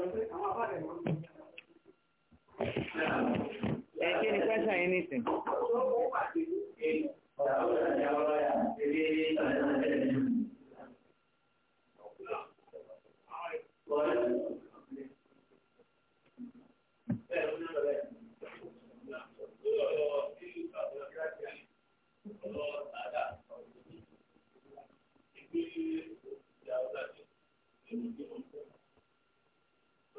Ẹ̀kí ni pẹ́sàn yìí nìsìn. Thank you.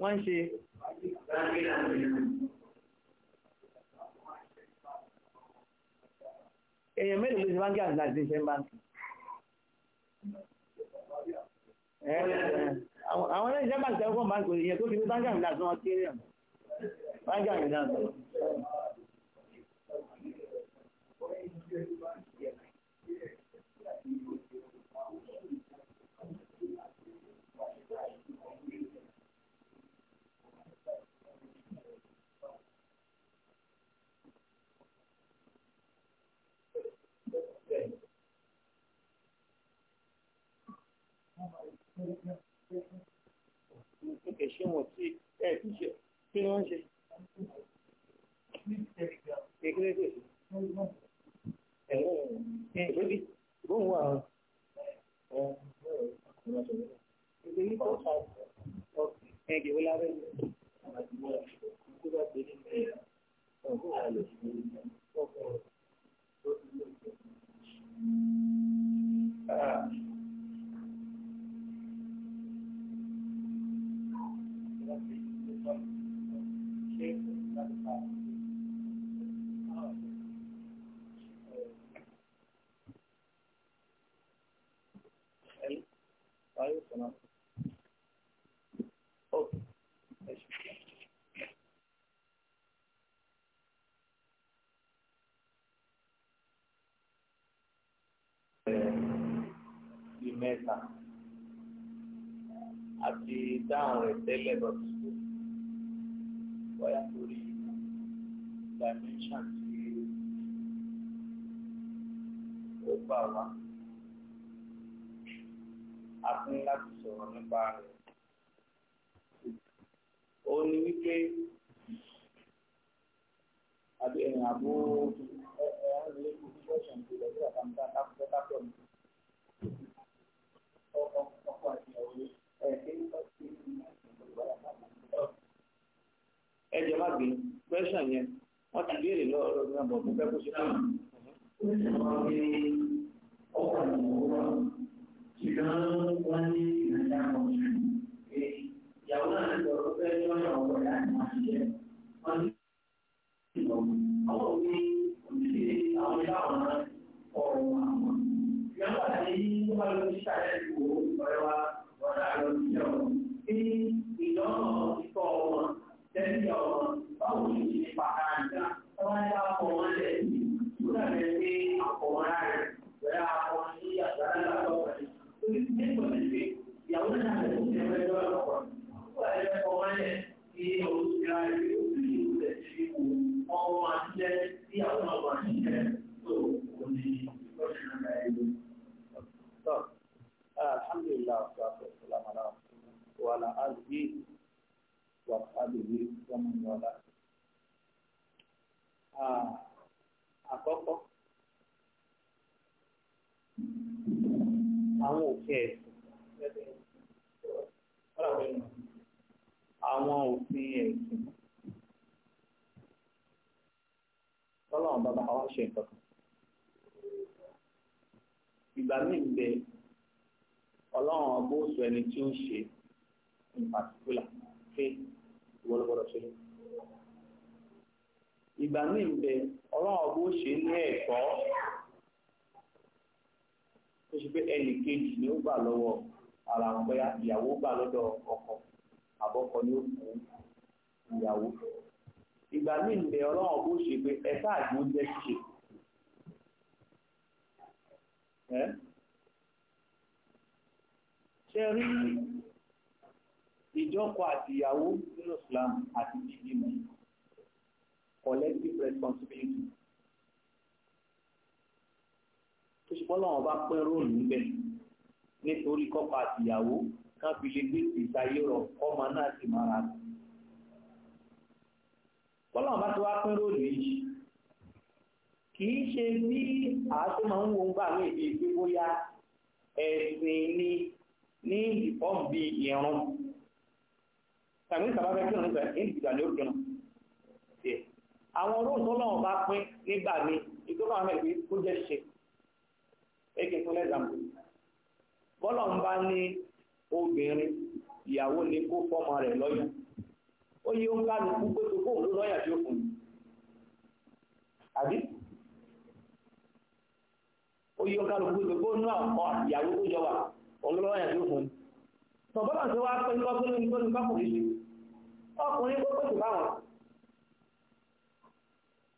wọ́n ń ṣe èèyàn mélòó ló ṣe báńkì àti láti ṣe báńkì àwọn ẹlẹ́yìn sábà tẹ́wọ́ fún báńkì èèyàn tó fi ní báńkì àti láti wọn kéré àmì báńkì àti láti Nǹkan ṣe wọ̀n tí ẹ̀ tí ṣe kí ni wọ́n ṣe? Ìkílẹ̀ tó ṣe. Ẹ̀wọ̀n ẹ̀ lórí ìbọn wà ọ̀. Ìgbèrí ṣe ẹ̀gẹ̀ mẹ́ta àti dáhùn rẹ̀ tẹ́lẹ̀ lọ́sùn wáyà lórí dimension tí ó gbà wá a fún láti sọ̀rọ̀ nípa rẹ̀ ó ní wípé àbí ẹ̀yìn àbó ẹ̀ ẹ̀ ń lé kó fún ẹ̀sán tó lọ́wọ́ àtàǹtà tápọ̀ tápọ̀ nìkan. ẹ jẹ́ má gbé pẹ́ṣàn yẹn wọ́n ti béèrè lọ́rọ̀ ní àbọ̀ tó fẹ́ kó ṣe náà. Ìyàwó náà ń sọ ẹjọ́ Wọ́n ní àwọn ọ̀rọ̀ àwọn. Ìyàwó àti bá lọ sí kọ́dà وعلى آله وأصحابه ومن والاه àwọn òfin ẹ̀sìn àwọn òfin ẹ̀sìn tọ́lọ́wọ́n bàbá wa ṣe nǹkan kan ìgbà míì ń bẹ ọlọ́run ọgbó oṣù ẹni tí ó ń ṣe in particular faith ṣe. ìgbà míì bẹ ọlọ́run bó ṣe ní ẹ̀kọ́ tó ṣe pé ẹnì kejì ni ó gbà lọ́wọ́ ara ń ìyàwó gbà lọ́dọ̀ àbọ̀kọ ìyàwó. ìgbà míì bẹ bó ṣe pé ẹ̀ka àgbọn jẹ́ ìjọkọ àti ìyàwó nínú Islam àti ìgbìmọ̀ collective responsibility tó ṣe bọ́lá wọn bá pín róòlù ńbẹ nítorí kọ́kọ àti ìyàwó kan fi lè gbé ìgbésayé rọ ọmọ náà sì máa rà bọ́lá wọn bá ti wá pín róòlù yìí kì í ṣe bí àásù máa ń wo ń gbà ní èdè ìgbé bóyá ẹ̀sìn ni ní ìfọ́nbí ìrún tàbí ìsàbá fẹ́ kírun nípa ìdìgbà ni ó kírun àwọn olóhùn tó lọ́wọ́ bá pín nígbà ní ìtọ́ka àwọn ẹgbẹ́ kó jẹ́ ṣe èké fún lẹ́gbàmù bọ́lọ̀ ń bá ní obìnrin ìyàwó ni kó fọ́mọ rẹ̀ lọ́yà ó yí ó ń kánu kú pé kó òun lọ́yà tí ó fún un àbí ó yí ó ń kánu kú pé kó nú àwọn ìyàwó tó jọ wà òun lọ́yà tí ó fún un sọ̀bọ́lọ̀ tí wá pẹ́ nípa fún nípa nípa kò ríṣe ọkùnrin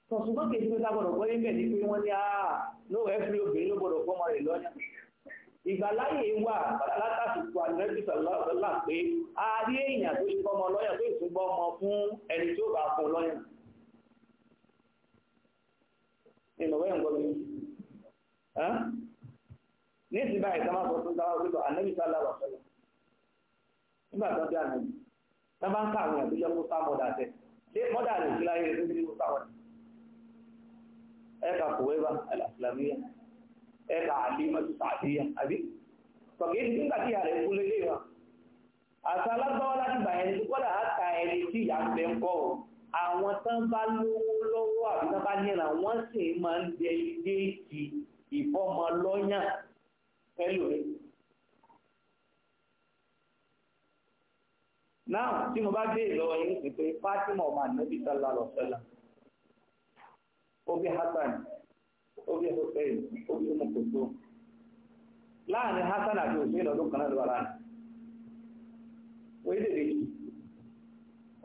tó pẹ̀tù báwọn sọ̀sùgbọ́n kèjì tó dágbọ̀dọ̀ pọ́ níbẹ̀ ní pé wọ́n ní àà ló ẹ̀ fi obìnrin ló gbọ́dọ̀ pọ́ mọ́rẹ̀ lọ́yàn ìgbàláyè wà látàsìkò àdìrẹ́sìtàlá pé a rí èèyàn tó ṣe ọmọ lọ́yàn tó ìtúgbọ́ ọmọ fún ẹni tó bá fún lọ́yàn ìnáwó ẹ̀ ń gbọ́ mi ní ìsìn báyìí sọ́mọ́ sọ fún dáwọ́ pé ànẹ́bìsà láwà sọ́yà nígbà tó bí àná yìí tó bá ń ká àwọn ẹ̀dọ́ yẹ kó sá mọ́dà tẹ̀ lé mọ́dà rẹ̀ sí láyé rẹ̀ níbi kó sá mọ́dà ẹ̀ka kòwébà àlàfìlàmíyà ẹ̀ka àlímọ́tò sàdíyà àbí tọ̀gẹ́ ti nígbà tí ààrẹ kú lélẹ̀ wa àṣà alágbáwá láti gbà ẹni tó kọ́dà á ta ẹni tí ìyá ń bẹ ń kọ́ o àwọn tán bá lówó lọ́wọ́ àbí tán bá níra wọ́n sì máa ń dé ìdí ìfọ́mọ lọ́yàn pẹ̀lú rẹ̀ náà tí mo bá gbé ìlọ́wọ́ yìí sí pé Fatima ọmọ ànábì sálà lọ́sọ́là ó bí Hassan ó Hussein ó bí mokoto umm láàrin Hassan àti Hussein ọdún kan náà lọ́wọ́ láàrin wọ́n yé dèdè yìí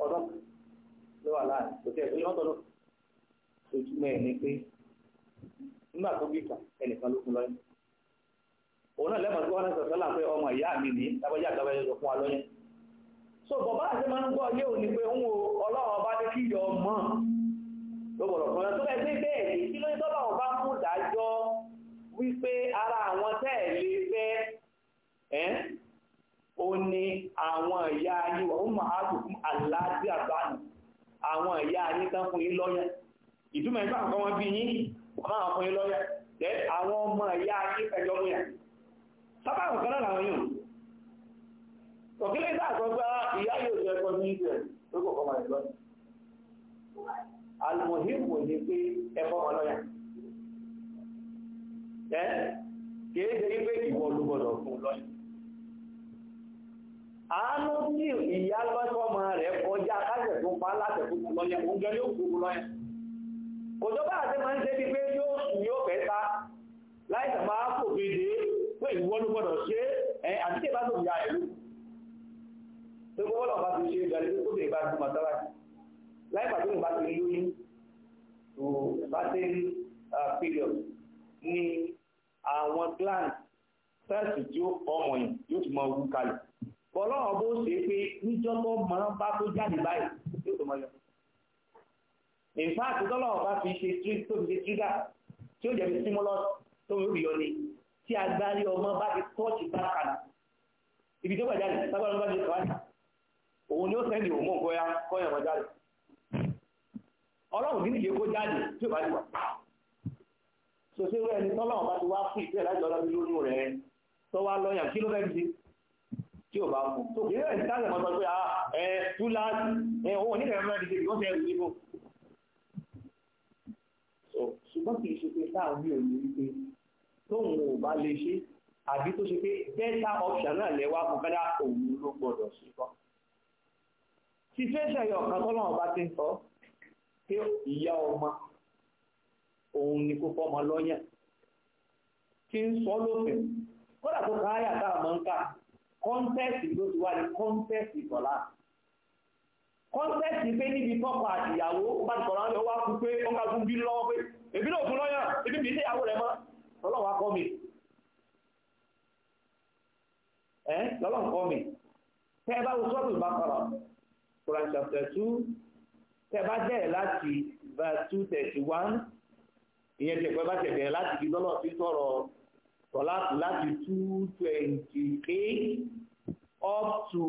ọdún lọ́wọ́ láàrin kò tí ẹ̀ tó lé wọ́n tọ́lọ́ ni pé nígbà tó bí kà ẹnìkan ló kún lọ́yìn òun náà lẹ́mọ̀ọ́ tí wọ́n náà sọ̀tọ́ là ń pé ọmọ ìyá mi nìyí tábọ́jà tábọ́jà lọ so bọ̀bá àti máa ń gbọ́ yé òní pé ń wo ọlọ́run ọba ní kíyọ ọmọ lọ́gbọ̀dọ̀ kan tó bẹ́ẹ̀ bẹ́ẹ̀ bẹ́ẹ̀ ní kí ló ń tọ́lọ̀ wọn bá mú dájọ́ wípé ara àwọn tẹ́ẹ̀lé fẹ́ ẹ́ ó ní àwọn ìyá yín wọ́n máa dùn fún aláàbí àbáàlù àwọn ìyá yín tán fún yín lọ́yà ìdúmọ̀ ẹ̀fà kan wọn bí yín àmọ́ àwọn fún yín lọ́yà àwọn ọmọ ìyá yín fẹjọ́ lóyà sábà àwọn kan náà Òkèlè náà sọ pé ah, ìyá yóò jẹ ẹ̀kọ́ ní ìjẹ̀ tó kọ̀ kọ́mọ rẹ̀ lọ́yìn. Àlùmọ̀hìmù ni pé ẹ̀kọ́ ọmọ lọ́yà. Ẹ kìí ṣe wípé ìwọ ló gbọdọ̀ fún lọ́yìn. Àánú tí ìyá lọ́sọ́mọ rẹ̀ kọjá kásẹ̀ tó pa láti fún lọ́yà, òun gẹ́lẹ́ òkú lọ́yà. Kò tó bá àti máa ń ṣe bí pé yóò sùn yóò fẹ́ ta láìsàn máa kò fi dé tó gbọ́ lọ́wọ́ bá ti ṣe ìgbàlẹ́ tó kóbìnrin bá ti mọ̀tọ́ láti láì pàtó ìgbà ti lóyún tó bá ti ń period ní àwọn gland sẹ́ẹ̀sì tí ó ọmọ yìí yóò ti mọ owó kalẹ̀ bọ́lọ́wọ́ bó ṣe pé níjọ́ tó mọ̀ bá tó jáde báyìí yóò tó mọ yọ in fact tọ́lọ́wọ́ bá fi ṣe tó fi ṣe trigger tí ó jẹ́ fi stimulus tó ń yọ ni tí agbárí ọmọ bá ti tọ́ọ̀tì bá kàná ibi tó gbàjáde tábàlọ́ bá ti kàwájà òun ni ó sẹ́ndì òun mọ́ bóyá kọ́yàn mọ́ jáde ọlọ́run nínú ìyẹ́kó jáde tí ó bá ti wà rẹ̀ ni tọ́lọ́run bá ti wá fún ìfẹ́ láti ọlọ́run lónú rẹ̀ tó wá lọ́yàn kí ló fẹ́ di tí ó bá mú tó kì í rẹ̀ ní mọ́tọ́ pé ah, ẹ tú láti ẹ òun ò ní kẹ̀kẹ́ mẹ́rin wọ́n fẹ́ rí níbo ṣùgbọ́n kì í ṣe pé táwọn mi ò ní wípé tóun ò bá lè ṣe àbí tó ṣe pé bẹ́ẹ̀ tá option náà lẹ́wà fún kádà situation yọ ọ̀kan tọ́lọ́wọ́n bá ti ń sọ pé ìyá ọmọ òun ni kó fọmọ lọ́yàn tí ń sọ lófin kódà tó ká áyà tá a máa ń kà kọ́ńtẹ́ẹ̀sì ló ti wá ní kọ́ńtẹ́ẹ̀sì tọ́lá kọ́ńtẹ́ẹ̀sì pé níbi tọ́kọ àtìyàwó bá ti kọ̀ọ̀rọ̀ lọ́wọ́ wá fún pé ó ń ka fún bí lọ́wọ́ pé èbí náà fún lọ́yàn èbí mi níyàwó rẹ̀ mọ́ lọ́lọ́wọ́ akọ́ mi ẹ́ lọ́lọ́wọ́ akọ́ mi tẹ́ ẹ bá wo sọ́ọ̀tù bá kọ̀ọ̀rọ̀ Quran chapter two tẹ bá bẹ̀rẹ̀ láti verse 231. thirty one ìyẹn tẹ̀ pé bá tẹ̀ bẹ̀rẹ̀ láti fi lọ́lọ́ fi sọ̀rọ̀ sọ̀láàtù láti two up to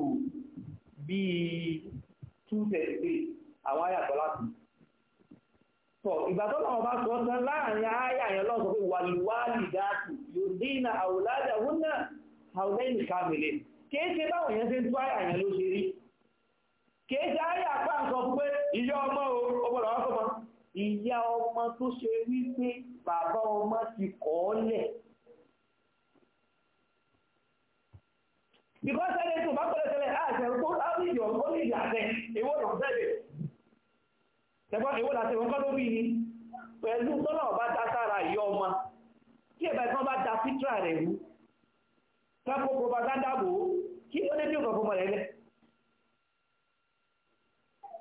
bíi 233. thirty three àwọn àyàtọ̀ láti. sọ ìgbà tó lọ́wọ́ bá sọ tán láàrin àyà yẹn lọ́sọ̀ pé wàlúwàlì dáàtù yóò dínà àwòládà wúnà àwòlẹ́yìn kàmìlẹ̀ kéèké báwọn yẹn ti ń tó àyà yẹn ló ṣe rí kéèjì ayé àpá nǹkan fún pé ìyá ọmọ o ọgbọ̀dọ̀ wá fọmọ ìyá ọmọ tó ṣe wípé bàbá ọmọ ti kọ̀ ọ́ lẹ̀ because ẹni tó bá pẹ̀lẹ́ tẹ́lẹ̀ àṣẹ tó ábìlì ọ̀gbọ́n ní ìyàtẹ̀ èwo lọ bẹ̀rẹ̀ tẹ́gbọ́n èwo làṣẹ wọn kọ́ tó bí ni pẹ̀lú tọ́lá ọba dá sára ìyá ọmọ kí ẹ̀bà ìfọ́n bá da fitra rẹ̀ wú kápò propaganda bò kí ó dé bí òkàn fọmọ rẹ̀ lẹ̀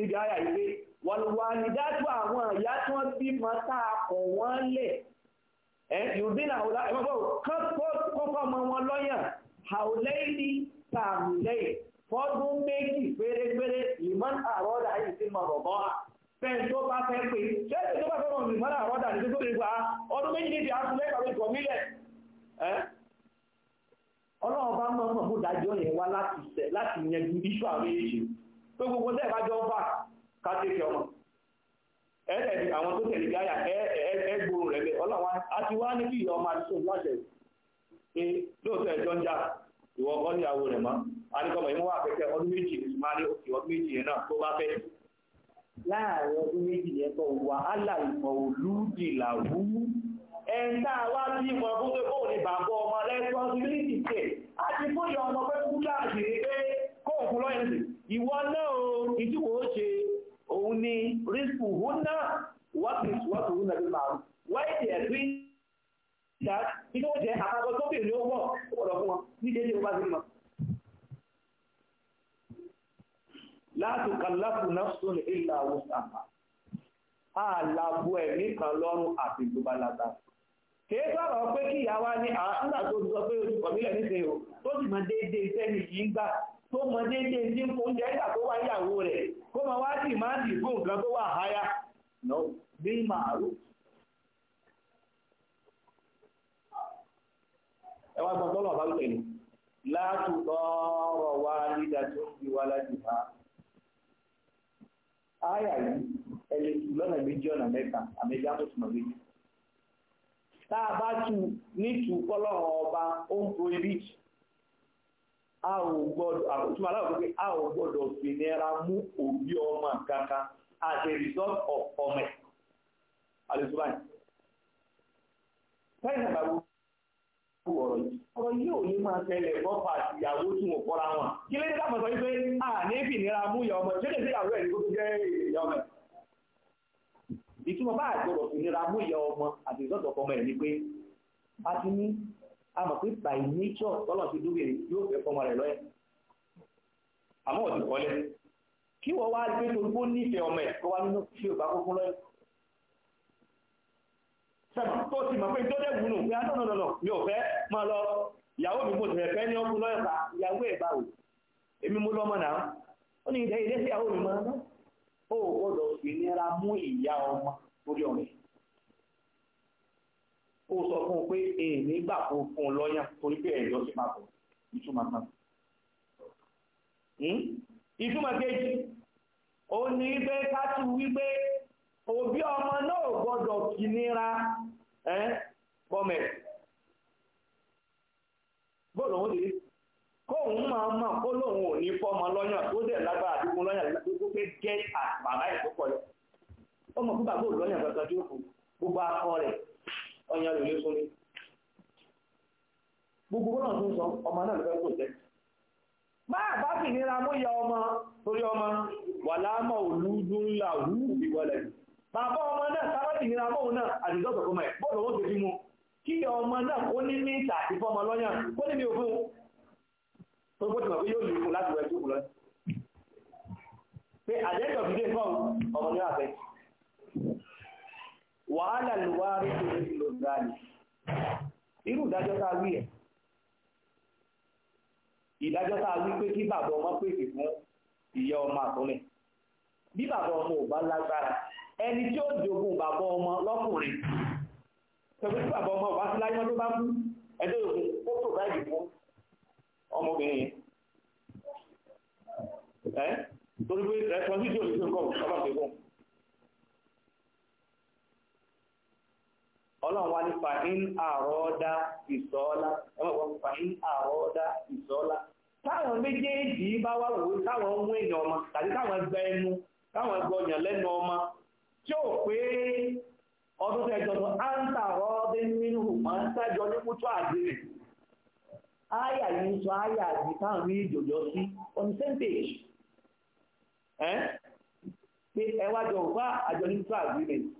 níbi àyà ìwé wàlúwà ní dájú àwọn ìyá tí wọ́n bí mọ́ táa kọ̀ wọ́n lẹ̀ ẹ́ yùdínà ọ̀la ẹ̀mọ́bọ̀ kọ́kọ́ mọ́ wọn lọ́yàn àwòlẹ́ìdí tààmùlẹ́ì fọ́dún méjì pérépéré ìmọ̀n àrọ́dà yìí sí mọ̀ bọ̀bọ́ à fẹ́ẹ̀ tó bá fẹ́ pé ṣẹ́ẹ̀sì tó bá fẹ́ mọ̀ ìmọ̀n àrọ́dà ní tó lè gba ọdún méjì níbi àtúnlẹ̀ kàwé ìkọ̀ mílẹ̀ ọlọ́run bá mọ̀ mọ̀ mú dájọ́ yẹn wá láti yanjú iṣu àwọn èèyàn pé gbogbo tẹ́ẹ̀ bá jọ ń fà ká tẹ́ẹ̀kì ọmọ ẹ̀ẹ́dẹ̀ẹ̀dì àwọn tó tẹ̀lé gáyà ẹgbòrò rẹ̀ lẹ̀ ọlọ́wọ́n àti wá ní kí ìyá ọmọ àti sóun láṣẹ pé lóòótọ́ ẹjọ́ ń jà ìwọ ọkọ níyàwó rẹ̀ mọ́ àníkọ́mọ̀ ìmú wà pẹ́kẹ́ ọdún méjì ìsúmárì òkè ọdún méjì yẹn náà tó bá fẹ́. láàárín ọdún méjì yẹn tó wàhálà ìmọ̀ olúdi làwú ẹ̀ńtà wá sí ìmọ̀ fún pé kóun ní bàbá ọmọ rẹ̀ responsibility òkú lọ́yẹ̀ sí ìwọ náà o ìdí wo ó ṣe òun ni rísíkù òun náà wọ́pì wọ́pì òun náà bí màá wáyé tiẹ̀ sí ìdá inú oúnjẹ àkàkọ́ tó bèèrè owó ọ̀pọ̀lọ̀ fún wọn ní déédéé ó bá sí mọ́. láti kàláfù nafsun ìlà wùsàkà àlàbò ẹ̀mí kan lọ́rùn àti ìjọba lágbára kìí sọ̀rọ̀ pé kí ìyá wa ní àwọn ah, àgbà tó sọ pé oṣù kọ̀mílẹ̀ níṣẹ́ o tó sì mọ déédéé iṣẹ́ mi yìí ń gbà tó mọ déédéé tí oúnjẹ nígbà tó wá ìyàwó rẹ̀ kó mọ wá sì máa dì fún nǹkan tó wà háyà lọ bí màálù. ẹ wá gbọ́n látùtọ̀ ọ̀rọ̀ wa nígbà tó ń fi wá láti bá. yìí ẹ lè tù lọ́nà méjì ọ̀nà mẹ́ta àmì tó méjì. tá a bá tu ní tù ọba ó ń a ò gbọ́dọ̀ a gbọdọ fìnira mú òbí ọmọ kankan as a result of ọmọ ẹ̀ alẹ́sùbáyì fẹ́ẹ̀nà gbàgbó ọ̀rọ̀ yìí ọ̀rọ̀ yìí ò ní máa tẹ̀lé bọ́pà àti ìyàwó tí kọ́ra wọn kí lè dá mọ̀sán a ní fìnira ọmọ sí jẹ́ ọmọ ìtumọ̀ bá fìnira mú ọmọ àti ìsọ̀tọ̀ ọmọ ẹ̀ a ti ní a pé by nature tọ́lọ̀ ti dúbìrì yóò fẹ́ fọmọ rẹ̀ lọ́yẹ̀ àmọ́ òtí kọ́lẹ̀ kí wọ́n wá gbé tó gbó nífẹ̀ẹ́ ọmọ ẹ̀ kó wá nínú fi ògbà kúkú lọ́yẹ̀ sẹ́mi tó ti mọ̀ pé dọ́dẹ̀ wù nù pé á nọ̀nà nọ̀nà mi ò fẹ́ máa lọ ìyàwó mi mo sì fẹ́ ní ọkùn lọ́yẹ̀ pa ìyàwó ẹ̀ báwò èmi mo lọ́mọ náà ó ní ilé ìyàwó mi máa ń ó ó sọ fún un pé èèyàn nígbà fún fún un lọ́yà torí pé ẹ̀yọ́ sí papọ̀ ìtumọ̀ kan. Hmm? ìtumọ̀ kejì ó ní pé ká tún wípé òbí ọmọ náà gbọ́dọ̀ kìnira bọ́mẹ̀ bọ́ọ̀lù òun dìde kóun máa mọ̀ kó lóun ò ní fọ́mọ lọ́yàn tó dẹ̀ lágbára àdúgbò lọ́yàn tó pé get at bàbá ẹ̀ tó pọ̀ yọ ọmọ fún bàbá òun lọ́yàn gbàgbà tó kù gbogbo akọ rẹ̀ ọ̀yàn lò lé sórí gbogbo náà tó ń sọ ọmọ náà lọ́fẹ́ kò jẹ́ máa bá sì nira mú ya ọmọ torí ọmọ wà láàmọ̀ olúdú ńlá wú ìwọlẹ̀ bàbá ọmọ náà sábà sì nira mọ́ òun náà àdìjọ́ sọ̀kọ́ mẹ́ bọ́ọ̀lù wọn tẹ̀sí mu kí ọmọ náà kó ní ní ìta àti fọmọ lọ́yàn kó ní mi ò fún tó bó ti mọ̀ pé yóò lè fún láti wẹ̀ tó kù lọ pé àdéjọ́ fi dé fọ́ ọmọ ní àfẹ́ wàhálà ló wá rí tó ní lò dáàlì irú ìdájọ́ tá a wí ẹ̀ ìdájọ́ tá a wí pé kí bàbá ọmọ pèsè fún ìyá ọmọ àtọ́lẹ̀ bí bàbá ọmọ ò bá lágbára ẹni tí ó jogún bàbá ọmọ lọ́kùnrin tẹ̀wé tí bàbá ọmọ ọba sí láyé wọn tó bá kú ẹjọ́ ògùn ó tó báyìí fún ọmọbìnrin yẹn torí pé ẹ̀sán fídíò ló ń kọ́ ọba pẹ̀lú ọlọ́run wá ní fàín àrọ́ọ́dá ìsọ́ọ́lá ẹgbẹ́gbọ́n fàín àrọ́ọ́dá ìsọ́ọ́lá táwọn méjèèjì bá wá wò táwọn mú èèyàn ọmọ tàbí táwọn gba ẹnu táwọn gba ọyàn lẹ́nu ọmọ tí ó pé ọdún tó ẹjọ́ tó á ń nínú ń ní àdéhùn áyà yìí sọ áyà táwọn ní ìjòjọ sí on the same page àjọ ní àdéhùn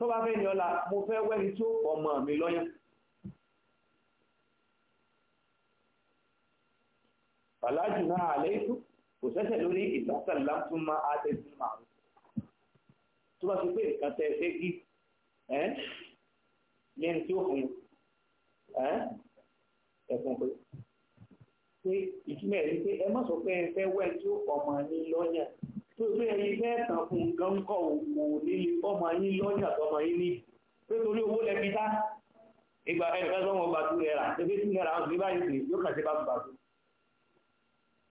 tó bá fẹ́ ní ọlá mo fẹ́ wẹ́ni tí ó pọ̀ mọ́ mi lọ́yàn fàlájù náà àlẹ́kù kò sẹ́sẹ̀ lórí ìdásàlá tún máa àtẹ́sí máa tó bá ti pé nǹkan tẹ́ fẹ́ kí ẹ́ ní tí ó fún ẹ́ ẹ̀fún pé pé ìtumẹ̀ rí pé ẹ má sọ pé ẹ fẹ́ wẹ́ tí ó pọ̀ lọ́yàn tó gbé ẹyin mẹ́ẹ̀tàn fún gánkọ̀ òkò nílé ọmọ yín lọ́jà tọmọ yín ní pé torí owó lẹ́bi tá ìgbà ẹnìkan sọ́wọ́n ọgbà tó rẹ̀ rà ẹgbẹ́ tí rẹ̀ rà ń fi báyìí pè yóò kàn sí bá gbà tó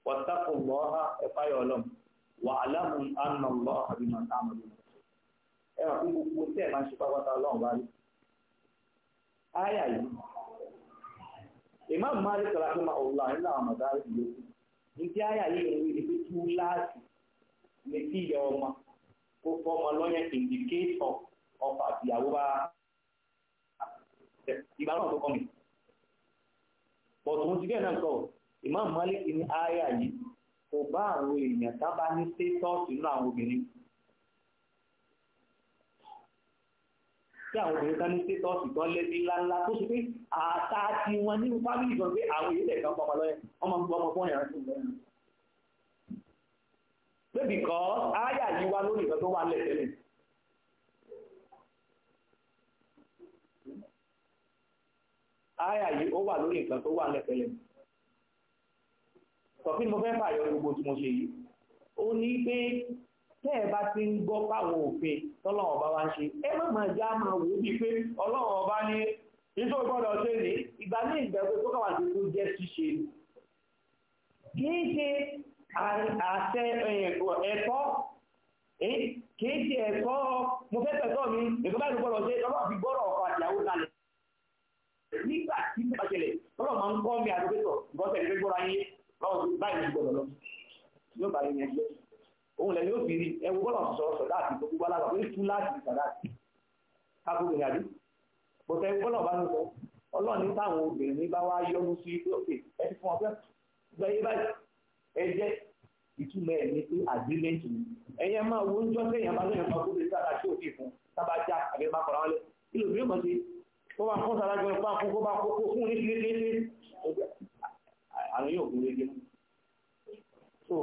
wọ́tàkùn lọ́ha ẹ̀fáyọ̀ ọlọ́m wà aláàmù àná lọ́ àbímọ̀ táàmù ẹ wà fún gbogbo tẹ́ ẹ̀ máa ń ṣe pápátá ọlọ́run bá rí áyà yìí ìmáàmù máa rí kọlá tó máa ọ̀la nínú àwọn mọ̀dá ìlú ní tí áyà yìí ń wí ni pé tú láàsì létí ìyá ọmọ kó fọmọ lọ́yẹ̀ indicator ọkọ àti ìyàwó bá ìgbà náà tó kọ́ mi. bọ̀tún ti bẹ́ẹ̀ náà sọ Imam Malik ní àyà yìí kò bá àwọn èèyàn tábà ní sétọ́ọ̀sì nínú àwọn obìnrin. tí àwọn obìnrin kan ní sétọ́ọ̀sì tán lẹ́bí ńláńlá tó ṣe pé àtà tiwọn nínú fámìlì sọ pé àwọn èèyàn lẹ̀ kan pọ̀ pé because ááyà yìí wá lórí ìkan tó wà lẹ̀ tẹ́lẹ̀ ááyà yìí ó wà lórí nǹkan tó wà lẹ̀ tẹ́lẹ̀ sọ̀fí ni mo fẹ́ fàyọ gbogbo tí mo ṣe yìí ó ní pé tẹ́ ẹ bá ti ń gbọ́ páwọn òfin tọ́lọ́wọ́ ọba wa ń ṣe ẹ má máa já máa wò ó bíi pé ọlọ́wọ́ ọba ní nítorí gbọ́dọ̀ ṣe ní ìgbà ní ìgbà pé tó kàwá tó jẹ́ ṣíṣe kì í ṣe àṣẹ ẹ̀tọ́ kìí ṣe ẹ̀tọ́ mo fẹ́ tẹ̀tọ́ mi ẹ̀kọ́ báyìí gbọ́dọ̀ ṣe lọ́wọ́ fi gbọ́dọ̀ ọkọ̀ àtìyàwó lálẹ́ nígbà tí ó ṣẹlẹ̀ lọ́wọ́ máa ń kọ́ mi àdókòtò ìgbọ́sẹ̀ ìgbẹ́ gbọ́ra yín lọ́wọ́ báyìí ti gbọ́dọ̀ lọ yóò bá yẹn ẹgbẹ́ òun lẹ́yìn ó fi rí ẹwọ́ ìtumọ̀ ẹ̀ ní pé agreement ni ẹ̀yẹ máa wo ń jọ́ sẹ́yìn àbájọ́ yẹn pa gómìnà sára tí ò sí fún sábà já àbí bá kọ̀ra wọn lẹ kí ló bí mọ̀ sí kó bá fún sára jọ pa fún kó bá kó fún ní kí lé lé àwọn yóò gún lé so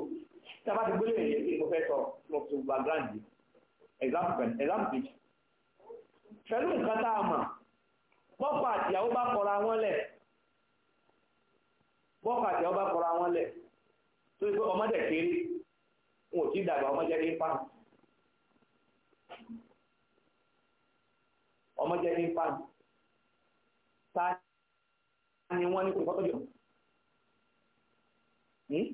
tí a bá ti gbélé ẹ̀yẹ kí mo fẹ́ sọ mo fi gba grand example pẹ̀lú nǹkan tá a mọ̀ bọ́pọ̀ àtìyàwó bá kọ̀ra wọn lẹ̀ bọ́pọ̀ àtìyàwó bá kọ̀ra wọn lẹ̀ tó ṣe ọmọdé kéré n ò tí ì dàgbà ọmọdé ní pa ọmọdé ní pa ta ni wọ́n ní kò fọ́tọ̀ jù hmm?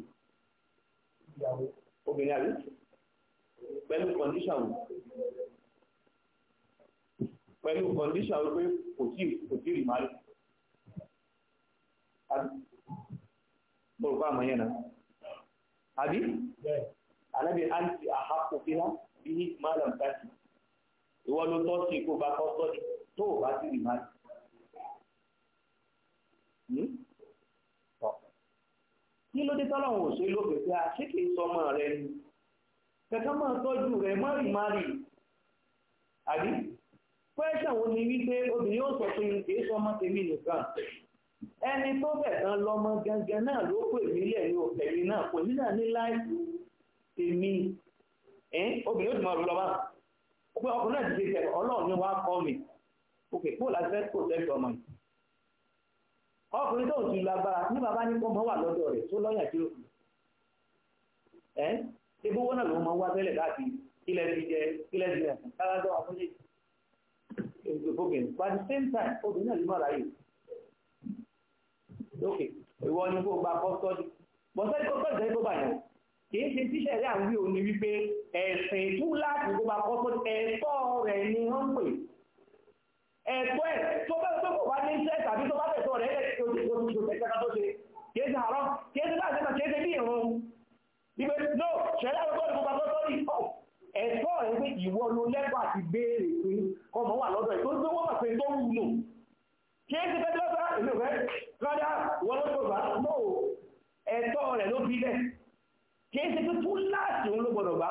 obìnrin àbí pẹ̀lú kọ̀ndíṣàn pẹ̀lú kọ̀ndíṣàn wípé kò tí kò tí rí màálù. Mo rò pé àmọ́ yẹn náà àbí ànábì àǹtí àhápò fi hàn bí malam tàbí ìwọ ló tọ́ sí kó bá kọ́ sọ́ọ̀dì tó o bá sì rí máa hmm? kí ló dé tọ́lọ́run ò ṣe lófin pé a ṣé kìí sọ ọmọ rẹ ni kẹ̀kẹ́ máa tọ́jú rẹ̀ márì márì àbí pẹ́ẹ́sà wo ni wípé obìnrin ó sọ pé kìí sọ ọmọ tèmi nìkan ẹni tó bẹ̀tàn lọ́mọ gangan náà ló pè mí lẹ̀ ní náà kò ní náà ní tèmi obìnrin ó ọ̀rọ̀ lọ́wọ́ ó pé ọkùnrin náà ti ṣe ọlọ́run ni wàá kọ́ mi òkè kó láti ọmọ yìí ọkùnrin tó ń tu lágbára ní bàbá ní wà lọ́dọ̀ rẹ̀ tó lọ́yà tí ó kù ẹ́ ebó wọ́n náà ló mọ lókè ìwọ ni kó gba kọ́sọ́dì bọ́sẹ́dì kọ́sọ́dì tẹ́lẹ̀ tó bà yẹn kìí ṣe tíṣẹ̀ rí àwọn ìwé òní wípé ẹ̀sìn tú láti kó gba kọ́sọ́dì ẹ̀tọ́ rẹ̀ ni wọ́n pè ẹ̀tọ́ ẹ̀ tó bẹ́ẹ̀ tó kò bá ní iṣẹ́ tàbí tó bá tẹ̀tọ́ rẹ̀ ẹ̀ kìí ṣe àárọ̀ kìí ṣe láti ṣe kìí ṣe bí ìrún ibẹ̀ no ṣẹlẹ̀ àwọn ọgbọ́n ìfowópamọ́ sọ́ọ́dì ẹ̀tọ́ rẹ̀ pé ìwọ ló lẹ́gbàá ti béèrè pé kọ́mọ wà lọ́dọ̀ ẹ̀ tó gbé wọ́n mọ̀ pé tó wù nù kìí ti fẹ́ lọ́sà ìlú fẹ́ lọ́dà wọ́n ló tó bá mọ́ ò ẹ̀tọ́ rẹ̀ ló fi lẹ̀ kìí ti fi tún láti òun ló gbọdọ̀ bá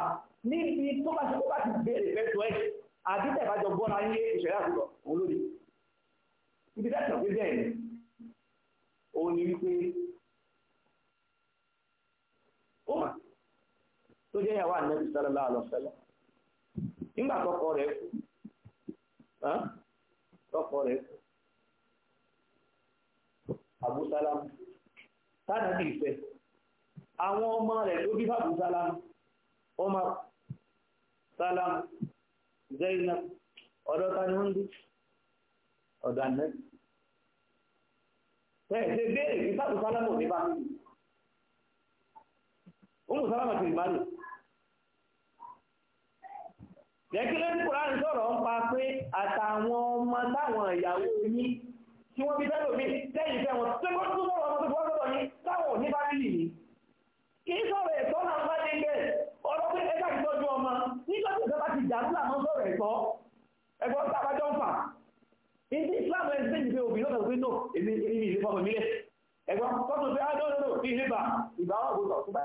níbi tó bá ti kó bá ti béèrè fẹ́ tó ẹ̀ àti tẹ̀ bá jọ gbọ́ra yé ìṣẹ̀lẹ̀ àkùrọ̀ òun ló ní ibi tẹ̀sán pé bẹ́ẹ̀ ni òun ni wípé ó mà tó jẹ́ ìyàwó ànẹ́bí sallallahu alaihi wasallam nígbà tọkọ rẹ̀ kú tọkọ rẹ̀ kú àbúsálámù tánàbí ìfẹ́ àwọn ọmọ rẹ̀ ló bí fàbúsálámù ọmọ sálámù Zainab ọ̀dọ̀ ta ni wọ́n dé ọ̀dọ̀ ànẹ́bí ẹ̀ẹ́dẹ́ bẹ́ẹ̀ ní fàbúsálámù ní bá Umu Salama ti ìbálò jẹ́kílẹ́ ní kùránì sọ̀rọ̀ ń pa pé àtàwọn ọmọ táwọn ìyàwó yín tí wọ́n bí fẹ́lò mi lẹ́yìn fẹ́ wọn tí ó tún sọ̀rọ̀ ọmọ tó gbọ́ sọ̀rọ̀ yìí táwọn òní bá nílì yìí kì í sọ̀rọ̀ ẹ̀tọ́ náà bá dé bẹ́ẹ̀ ọ̀rọ̀ pé ẹgbẹ́ ìtọ́jú ọmọ nígbà tí ìjọba ti dàbí àmọ́ sọ̀rọ̀ ẹ̀tọ́ ẹgbọ́n tí àbájọ ń fà ìdí Islam ẹ̀ ṣe ìgbé obì lọ́dọ̀ pé no èmi èmi ìlú fọmọ mi lẹ̀ ẹgbọ́n tọ́tù pé á lọ́dọ̀ lọ́dọ̀ kí ìrìbà ìbá wà gbogbo ọ̀tún bá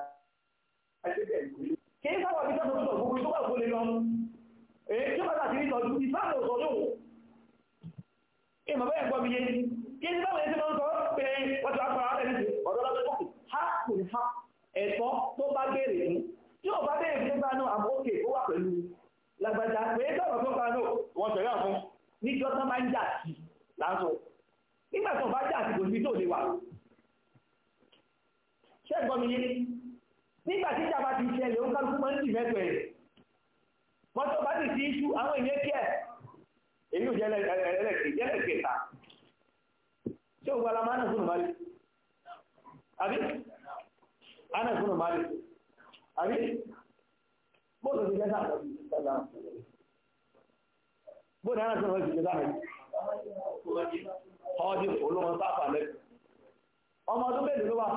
kì í sáwọ́ ibi tó tó tó gbogbo tó wà gbogbo lè lọ èyí tó bá tà sí ìtọ́jú Islam ò sọ lóhùn ìmọ̀ bẹ́ẹ̀ gbọ́ mi yé yé ní báwọn ẹ̀sìn máa ń sọ pé wọ́n ti wá fara ẹ̀ níbi ọ̀dọ́ lọ́dọ́ lọ́kù ha kò ní ha ẹ̀tọ́ tó bá béèrè fún tí ò bá béèrè fún bá náà àmọ́ òkè ó wà pẹ̀lú làgbàjà pé sọ̀rọ̀ tó bá náà wọ́n sọ̀rọ̀ fún níjọ́ tán bá ń jà sí láńsọ ìjàmbá ti ṣẹlẹ̀ ó kálukú máa ń dì mẹ́tọ̀ bá ti ti iṣu àwọn ìyẹn èyí ò jẹ́ ẹlẹ́kẹta ṣé o gbala máa ń fún ìmọ̀lẹ́ àbí ana fún ìmọ̀lẹ́ àbí bóòlù ti jẹ́ sáà bóòlù ana fún ìmọ̀lẹ́ ti jẹ́ sáà ọdí olóhun sáfà lẹ́kọ̀ọ́ ọmọ ọdún mẹ́rin ló wà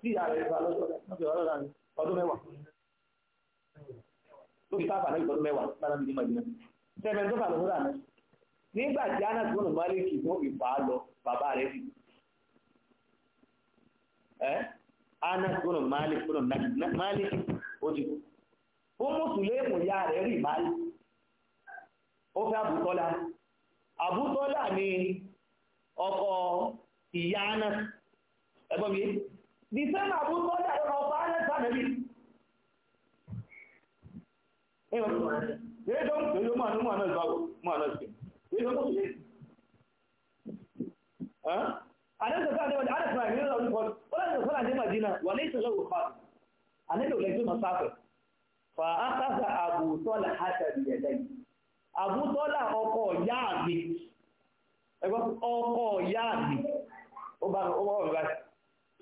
sí ìyá rẹ̀ ìgbà lọ́sọ̀rọ̀ ọdún mẹ́wàá lókè sáfà lẹ́kọ̀ọ́ ọdún mẹ́wàá lára mi ní màjínà sẹ́fẹ̀ẹ́ nígbà tí Anas bin Malik tó fi fà á lọ bàbá rẹ̀ fi ẹ́ Anas bin Malik bin Malik ó ti kú ó mùsùlùmí ìyá rẹ̀ rí Malik ó fẹ́ àbútọ́lá àbútọ́lá ni ọkọ ìyá Anas ẹgbọ́n mi ní sẹ́nà àbútọ́lá ló lọ bá Anas sànẹ́bí ẹ̀rọ tó ń pè é ló mọ̀ ní mọ̀ náà ìbáwò mọ̀ náà ìbáwò Àdẹ́sọ̀ sáà níwájú, àdẹ́sọ̀ àìrí lọ rí pọ̀lú, ó lẹ́sọ̀ sọ́lá ní Màdínà, wà ní ìṣẹ̀lẹ̀ òkú ànílò lẹ́jọ́ máa sáfẹ̀. Fà á sáfà àbútọ́là àtàrí ẹ̀dẹ́ yìí. Àbútọ́là ọkọ̀ yáà mi, ẹgbọ́n ọkọ̀ yáà mi, ó bá ọ̀rọ̀ rẹ̀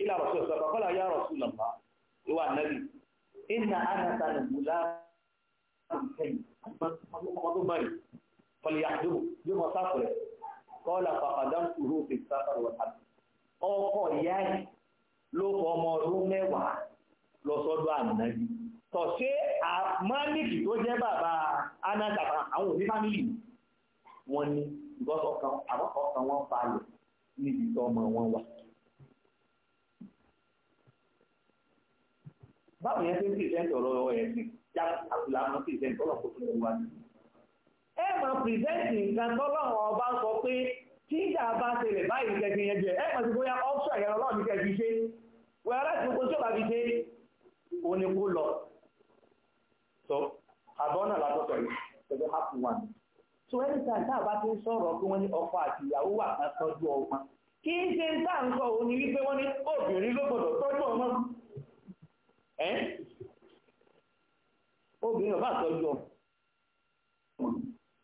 ilà rọ̀sùn ọ̀sọ̀ kọ́lá yá rọ̀sùn lọ́mọ́, ìwà nẹ́bì. Ìnà ànàtà nìbùlá kọlu ya dùbù yóò mọ sáfù rẹ̀ kọ́lá pàpàdán kúrò fi sáfàrù wọ̀ tàbí ọkọ̀ ìyá yìí ló fọ ọmọ ọdún mẹ́wàá lọ sọ́dọ̀ ànábì tọ̀ṣe àmọ́lìkì tó jẹ́ bàbá anásàbà àwọn òbí fámìlì wọn ni ìgbọ́sọ̀ kan àbọ̀kọ̀ kan wọ́n balẹ̀ níbi tó ọmọ wọn wà. báwo yẹn ti ń pèsè ọ̀rọ̀ ẹ̀sìn yàtọ̀ àtìlámọ́ pèsè ọ̀rọ̀ kò tó lè wá sí ẹ mọ̀ pìrìsẹ́ǹtì nǹkan tọ́lọ́run ọba sọ pé tí bá ṣẹlẹ̀ báyìí kẹfì yẹn jẹ ẹ mọ̀ sí bóyá ọ́pṣọ̀ ìyẹn ọlọ́run kẹfì ṣe wẹ́n aláìsí gbogbo tó fi ṣe kó lọ. sọ látọ̀tọ̀ yìí so ẹni tí bá ti ń sọ̀rọ̀ pé wọ́n ní ọkọ àti ìyàwó wà kan tọ́jú ọmọ ṣe ń tà ń sọ òun ni wípé wọ́n ní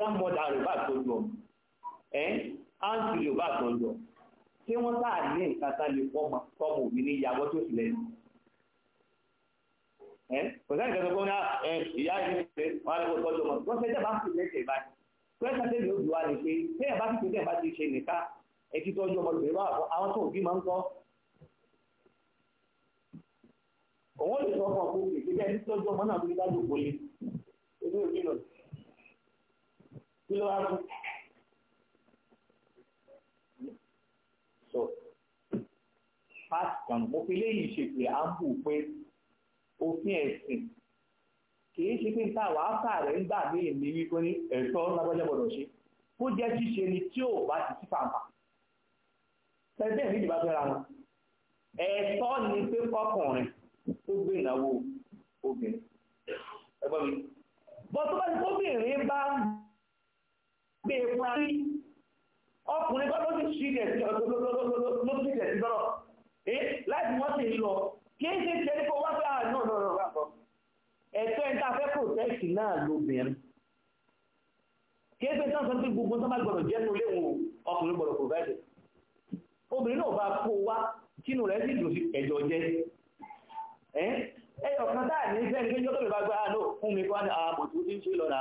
sámọ́dà rẹ̀ bá tó jọ ẹ́ áńtì rẹ̀ bá tó jọ tí wọ́n sáà ní nǹkan tá lè fọ́mọ fọ́mọ òbí ní ìyàwó tó sì lẹ́nu ẹ́ kò sáà nìkan tó kọ́ ní ìyá ìdí ìfẹ́ wọn á lè tọ́jú ọmọ wọ́n fẹ́ dábàá sí lẹ́sẹ̀ báyìí pẹ́ẹ́sà tẹ́lẹ̀ ó dùn á lè pé tẹ́yà bá ti tẹ́yà bá ti ṣe nìka ẹ ti tọ́jú ọmọ lòdì bá àwọn tó òbí máa ń kọ́ òun ò lè sọ fún ọkọ òkè pé kí ló wá kú. so pásítọ̀nù mo fi léyìí ṣèpè à ń bù pé òfin ẹ̀sìn kì í ṣe pé níta wàá fà rẹ̀ ń gbà mí ní wípé ní ẹ̀tọ́ lágbájá gbọdọ̀ ṣe kó jẹ́ ṣíṣe ni tí ò bá ti sí fàǹfà tẹ́lẹ̀ ní ìdìbò abẹ́ra wọn ẹ̀tọ́ ni pé kọkùnrin tó gbé ìnáwó obìnrin ẹgbẹ́ mi bọ́ tó bá ti kó bá ń gbé e fún arí ọkùnrin bá ló ti ṣí rẹ̀ sí ló ti rẹ̀ sí lọ́rọ̀ ẹ láti wọ́n ti lọ kí é ṣe ṣe nípa wáṣọ àárín náà lọ́rọ̀ rákọ̀ ẹ̀tọ́ ẹ̀ta fẹ́ protect náà lóbìnrin kí é ṣe tán sọ pé gbogbo tó bá gbọdọ̀ jẹ́ tó léwu ọkùnrin gbọdọ̀ provide obìnrin náà bá kó wá kínú rẹ̀ sì dùn sí ẹ̀jọ̀ jẹ́ ẹ̀yọ̀ kan táà ní fẹ́ni pé jọ́kọ̀ mi bá gbá àánú ah, fún mi kó wá ní àbòtú ah, tí ń ṣe lọ́nà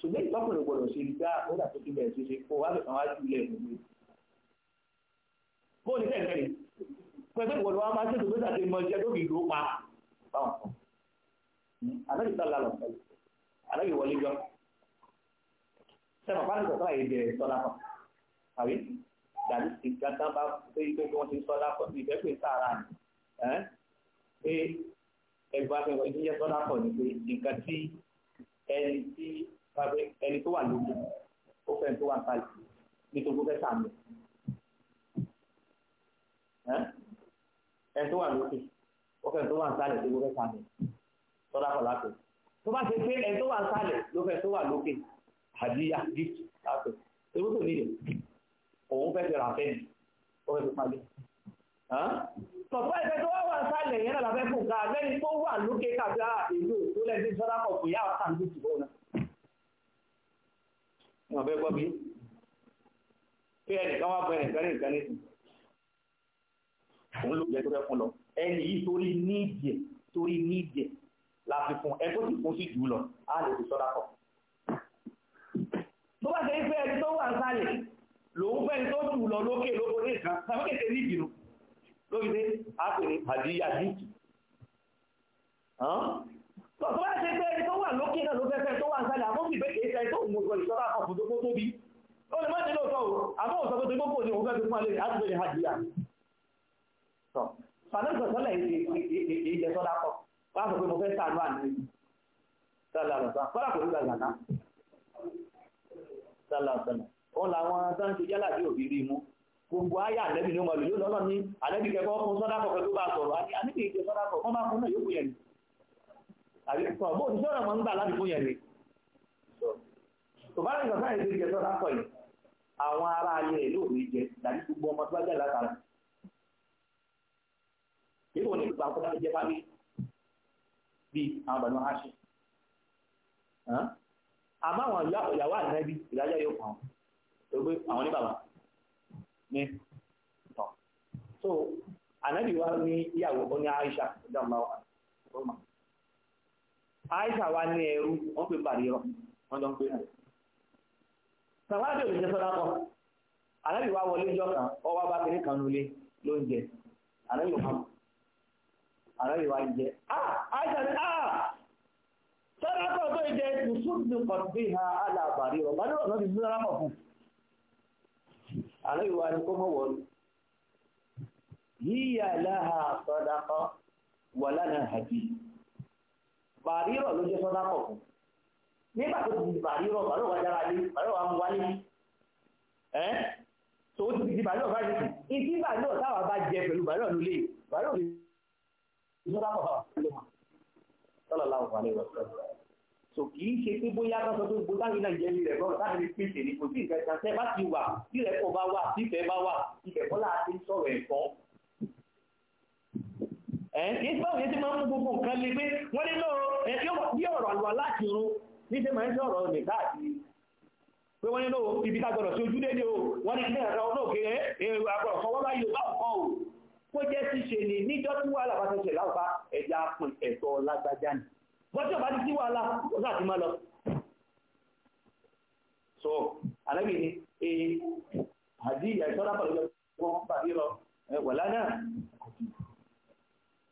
ṣùgbọ́n ìtọ́kùnrin gbọ́dọ̀ ṣe gbá nígbà ah, tó ti bẹ̀rẹ̀ ṣe kó wá lọ́sàn wájú ilẹ̀ ìgbìmọ̀ bó ní tẹ̀lé pẹ̀lú ìwọ̀lọ́ wa máa ṣètò pé tàbí mọ iṣẹ́ tó fi lò pa báwọn kan àbẹ́rẹ́ ìtọ́ lálọ́ àbẹ́rẹ́ ìwọlé jọ sẹ́wọ̀n pálí kọ̀ọ̀kan àyè bẹ̀rẹ̀ sọ́lá kan àbí dàbí ti gàdá bá pé pé wọ́n ti sọ́lá kan ìfẹ́ pé ẹgbẹ́ afẹ́wọ̀ ìdíjẹ́ sọ́lá kan pé nǹkan tí ẹni tí pàṣẹ ẹni tó wà lókè ó fẹ́ tó wà sálẹ̀ nítorí kó fẹ́ sàmì ẹni tó wà lókè ó fẹ́ tó wà sálẹ̀ nítorí kó fẹ́ sàmì sọ́dá kọ̀ lápẹ̀ tó bá ṣe pé ẹni tó wà sálẹ̀ ló fẹ́ tó wà lókè àdíyà gift lápẹ̀ ewé tó nílẹ̀ òun fẹ́ fi rà fẹ́ ni ó fẹ́ fi palẹ̀ tọ̀pọ̀ ẹ̀fẹ́ tó wá wà sálẹ̀ yẹn náà la fẹ́ fún ká lẹ́ni tó wà lókè kàbí àdéhùn tó lẹ́ni sọ́dá kọ̀ fún yàrá tàbí tìbọ̀ náà wọn fẹ́ gbọ́ bí pé ẹnìkan wá bọ ẹnìkan ní ìkan nísìn òun ló jẹ tó fẹ́ fún lọ ẹni yìí torí nídìí torí nídìí láti fún ẹ tó sì fún sí jù lọ á lè fi sọ́dá kọ̀ tó bá ṣe ń ẹni tó wà sálẹ̀ lòun fẹ́ tó jù lọ lókè lóko ní ìkan tàbí kèsè ní ìbìnú lórí dé á pè ní àdíyàdíjì tọ̀tọ̀ bá ṣe pé ẹni tó wà lókè náà ló fẹ́fẹ́ tó wà sálẹ̀ àmọ́ ìgbé kìí ṣe tó mú ìṣọ́ra ọkùn tó tóbi ó lè má ṣe lóòótọ́ o àmọ́ òṣọ́ tó ti gbókò ní òun fẹ́ fi fún alẹ́ àti ìrìn àjíyà tọ̀ fàdánù sọ̀tọ́lẹ̀ ìjẹ sọ́dá kọ wá sọ pé mo fẹ́ sàánú àná sálà lọ́sà kọ́lá kò ní gbàgbà ná sálà sọ̀nà ó làwọn tán ti yálà bí òbí rí mú gbogbo ayé àlẹ́bì ni ó mọ̀ lò yóò lọ́lọ́ ní àlẹ́bì kẹ́kọ́ fún sọ́dá kọ̀ọ̀kan tó bá sọ̀rọ̀ àti àníkè ìjẹ sọ́dá kọ̀ọ̀kan bá fún náà yóò kú yẹn ni àbí sọ bó ti sọ̀rọ̀ mọ́ ń gbà láti fún yẹn ni tó bá rìn lọ́sàn ìdí ìjẹ sọ́dá sọ yìí àwọn ará ayé ìlú òní jẹ dàbí gbogbo ọmọ tó bá jẹ́ látara èyí wọn ni gbogbo àwọn tó jẹ́ fámí bí àwọn bàbá wọn ṣe àmọ́ àwọn ìyàwó ànábì ìdájọ́ yóò kàn ó pé àwọn ní bàbá ní tọ́ so ànábì wa ní ìyàwó ó ní Aisha ìdáhùn bá wà ó máa Aisha wa ní ẹrú wọ́n pè bàrí rọ wọ́n jọ ń pè náà sàwádìí ò lè jẹ wa wọlé jọ kan ọ wá bá kiri kan nulẹ̀ ló ń wa àlẹ́bí wa jẹ ah! Aisha ní ah! ha rọ fún wa ni kó mọ̀ wọ́n láha bàrírọ̀ ló jẹ́ sọ́dá pọ̀ fún nígbà tó ti di bàrírọ̀ bàrírọ̀ wà jára lé bàrírọ̀ wà mú wálé ẹ́ tó ti di bàrírọ̀ bá yìí ìdí bàrírọ̀ táwa bá jẹ pẹ̀lú bàrírọ̀ ló lè bàrírọ̀ lè sọ́dá pọ̀ báwa ló mà sọ́lá láwùjọ alẹ́ rẹ̀ sọ́dá tò kì í ṣe pé bóyá lọ́sọ tó gbogbo láti náà jẹ́ ilẹ̀ gbọ́dọ̀ láti fi pèsè ní kò sí ìfẹ́ bá ti wà tí ìrẹ́pọ̀ bá wà tí ìfẹ́ bá wà ìfẹ́ kọ́ láti sọ̀rọ̀ ẹ̀kọ́ ẹ̀yìn báwọn yẹn ti máa ń mú gbogbo nǹkan le pé wọ́n ní lọ́rọ̀ bí ọ̀rọ̀ àlùwà láti run ní ṣe máa ń ṣe ọ̀rọ̀ nìta àti pé wọ́n ní lọ́wọ́ ibi ká gbọ́dọ̀ sí ojú dédé o wọ́n ní ilé ẹ̀rọ olóògbé ẹ̀rọ àgbọ̀rọ̀ fọwọ́ bá yóò o kó jẹ́ ṣíṣe ni níjọ́ tí wàhálà bá ṣẹṣẹ̀ láwùbá ẹ̀já pin ẹ̀tọ́ lágbájá ni bọ́ tí ọba ti sí wàhálà ó sà ti máa lọ. so alábì ni ee àdí ìyá ìtọ́lápàá lọ́jọ́ wọn bàbí rọ wàlá náà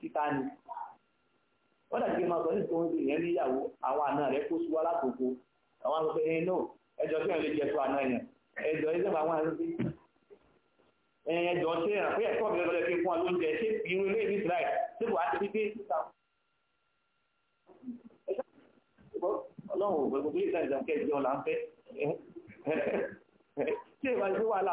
títa ni wọ́n dàbí máa sọ nítorí ohun ìyẹn níyàwó àwọn àna rẹ̀ kó sí wá látòkó àwọn àwọn pé ẹ̀yìn náà ẹjọ́ tí wọ́n lè jẹ tó àna yẹn ẹjọ́ ẹjọ́ àwọn àrùn sí ẹjọ́ tí ẹ̀ràn pé ẹ̀kọ́ mi lọ́dọ̀ kí n fún ọ lóúnjẹ ṣé irú ilé ìlú ìsìláì tí kò á ti fi dé síta ọlọ́run ò gbẹ́gbẹ́ bí ìsìláì ìjọba kẹjọ ṣé ìwà ìṣúwàlà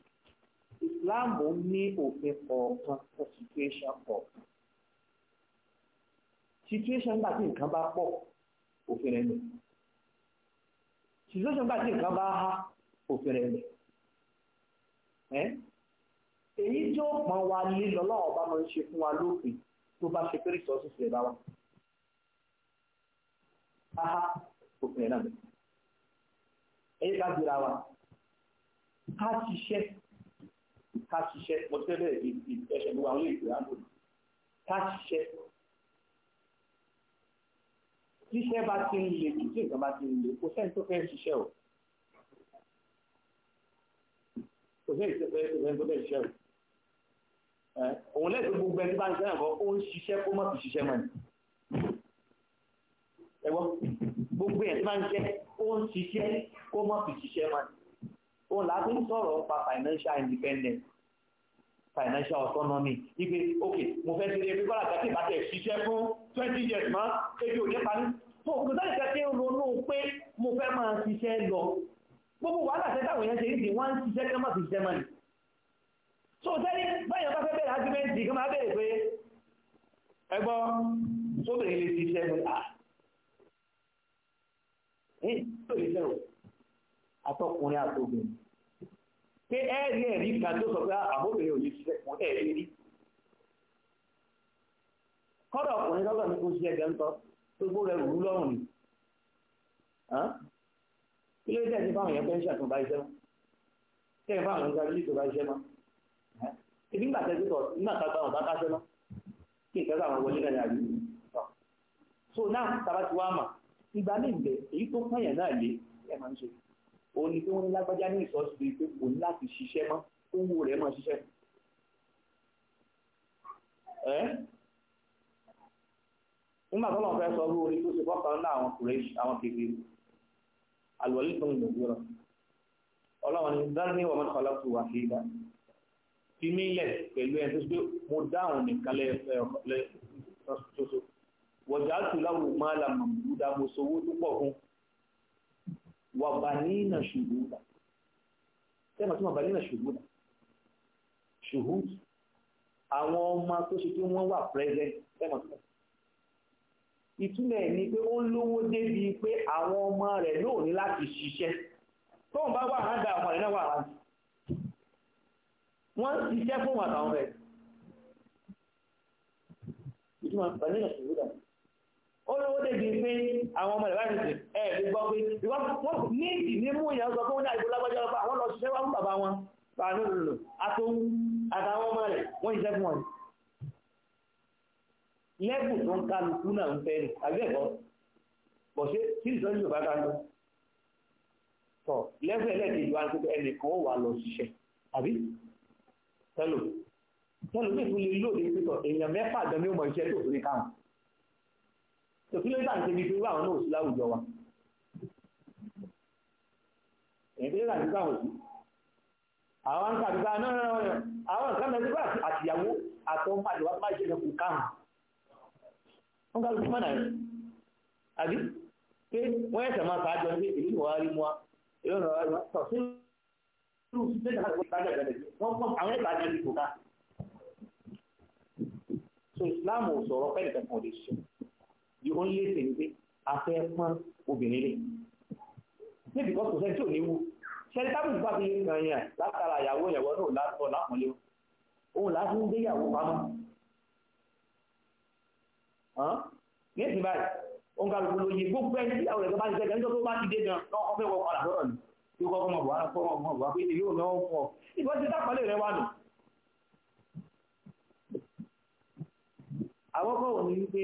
Islam ní òfin kọ̀ọ̀kan for situation kọ̀ọ̀kan situation gbà tí nǹkan bá pọ̀ òfin rẹ̀ lẹ̀ situation gbà tí nǹkan bá há òfin rẹ̀ lẹ̀ èyí tí ó pọn wa lílọ lọ́wọ́ bá máa ń ṣe fún wa lópin tó bá ṣe ká ṣiṣẹ́ mọ̀tẹ́lẹ̀ ìdí ẹ̀ṣẹ̀ gbogbo àwọn èdè àgbò ká ṣiṣẹ́ ṣiṣẹ́ bá ti ń le jù tí nǹkan bá ti ń le kò sẹ́ni tó fẹ́ ṣiṣẹ́ o kò sẹ́ni tó fẹ́ tó fẹ́ ṣiṣẹ́ o òun lẹ́sìn gbogbo ẹni bá ń sẹ́yìn kan ó ń ṣiṣẹ́ kó má fi ṣiṣẹ́ mọ́ ni ẹ̀wọ́n gbogbo ẹ̀ tí ń jẹ́ ó ń ṣiṣẹ́ kó má fi ṣiṣẹ́ mọ́ ni òun là á fi ń sọ̀rọ̀ pa financial independence financial autonomy ibi ok mo fẹ́ ṣe ebi kọ́lá kẹ́kẹ́ ìbátẹ̀ ṣiṣẹ́ fún twenty years mọ́ ebi ò ní parí tó kò dáhùn kẹ́kẹ́ ronú pé mo fẹ́ máa ṣiṣẹ́ lọ gbogbo wàhálà tẹ́ táwọn èèyàn ṣe ń sìn wọ́n ń ṣiṣẹ́ kí wọ́n máa fi ṣiṣẹ́ mọ́ni. so sẹ́ni báyọ̀ bá fẹ́ bẹ̀rẹ̀ ájúmẹ́ǹtì kí wọ́n máa bẹ̀rẹ̀ pé ẹgbọ́ sóbìnrin lè ṣiṣẹ́ mi à ní tó lè ṣẹ̀rọ̀ àtọkùnrin àtọkùnrin pé ẹ̀rí ẹ̀rí kan tó sọ pé ah, àbóbìnrin ò ní ṣiṣẹ́ fún ẹ̀rí rí kọ́dọ̀ ọkùnrin lọ́gbà ní kó ṣiṣẹ́ gẹ́ńtọ́ tó gbó rẹ̀ rú lọ́rùn ni kí ló dé ẹni fáwọn èèyàn pẹ́ńṣà tó bá iṣẹ́ mọ́ kẹ́rin fáwọn èèyàn gbàgbé tó bá iṣẹ́ mọ́ ibi ńgbà tẹ́sí tọ̀ nígbà tá a gba ọ̀gá káṣẹ́ mọ́ kí ìtẹ́sí àwọn wọlé náà yàgbé so now tàbá ti wá mà ìgbà mí ìgbẹ́ èyí tó pààyàn náà lé ẹ máa ń ṣe òun ni pé wọ́n ní lágbájá ní ìsọ́sì bíi pé kò ní láti ṣiṣẹ́ mọ́ tó ń wo rẹ̀ mọ́ ṣiṣẹ́. ẹ nígbà tó lọ́n fẹ́ sọ bí orin tó ṣe fọ́ọ̀kà náà àwọn kùrẹ́ṣ àwọn kékeré àlùwọ̀lì tó ń lò lọ́rọ̀ ọlọ́run ní dání wọ́n mọ́tò ọlọ́tò wà sí ìdá fi mí lẹ̀ pẹ̀lú ẹni tó ṣe pé mo dáhùn nìkan lẹ́ẹ̀ẹ́ wọ̀jà tù láwùjọ máa wà bàníìnà ṣùgbọ́n tẹ́mà tí wọ́n bàníìnà ṣùgbọ́n ṣùgbọ́n àwọn ọmọ tó ṣe pé wọ́n wà present tẹ́mà tí wọ́n ìtumọ̀ ni pé ó lówó débi pé àwọn ọmọ rẹ̀ yóò ní láti ṣiṣẹ́ tóun bá wà hàn dá ọmọ rẹ̀ náà wà hàn wọ́n ṣiṣẹ́ fún àtàwọn rẹ̀ ìtumọ̀ bàníìnà ṣùgbọ́n ó lówó débi pé àwọn ọmọ ìbára ìsìn ẹ̀ lè gbọ́ pé wọ́n ní ìdí ní mú ìyàwó sọ pé wọ́n ní àìkú lágbájá lọ́pọ̀ àwọn lọ ṣiṣẹ́ wọn bàbá wọn pàánù lòlò àtòun àtàwọn ọmọ rẹ̀ wọ́n ṣiṣẹ́ fún wọn. lẹ́bùn tó ń kálukú náà ń fẹ́ àbí ẹ̀kọ́ bọ̀ ṣe tí ìsọ́jú yorùbá ká lọ tọ̀ lẹ́fẹ̀ẹ́ lẹ́ẹ̀kejì wa pé ẹnìkan ó wà lọ ṣiṣẹ́ àbí tẹ́lò tẹ́lò tó tún lè lóde pé tọ̀ èèyàn mẹ́fà gan ni ó tòkí ló dà ń ṣe bí fi wáwọn náà sí láwùjọ wa èyí tó dà ń ṣe báwọn sí àwọn ń kàbí bá náà rẹ̀ àwọn nǹkan mẹ́rin bá àtìyàwó àtọ́ àdìwá máa ṣe lọ́kùn káàmù wọ́n kàbí fún mọ́nà rẹ̀ àbí pé wọ́n ẹ̀sẹ̀ máa sáájọ ní èyí ni wọ́n rí mu wa èyí ni wọ́n rí mu wa tọ̀ sí irú sí tẹ́lẹ̀ àti ìtajà ìgbàlẹ̀ wọ́n fún àwọn ìtajà ìkò ká so Islam ò sọ̀rọ̀ pẹ́ẹ́nì the only thing pé a fẹ́ pọ́n obìnrin lé níbi kan kò sẹ́ni tí ò ní wú ṣẹ́ni tábìlì bá fi kàn yàn látara ìyàwó ìyàwó náà látọ̀ lápọ̀lé òun láti ń gbé ìyàwó pamọ́ ní èsì báyìí ó ń ga gbogbo lóye gbogbo ẹni tí àwọn ẹ̀gbẹ́ bá ti sẹ́gbẹ́ nítorí tó bá ti dé gan náà wọ́n fẹ́ wọ ọ̀rà àwọn kọ́ òní wípé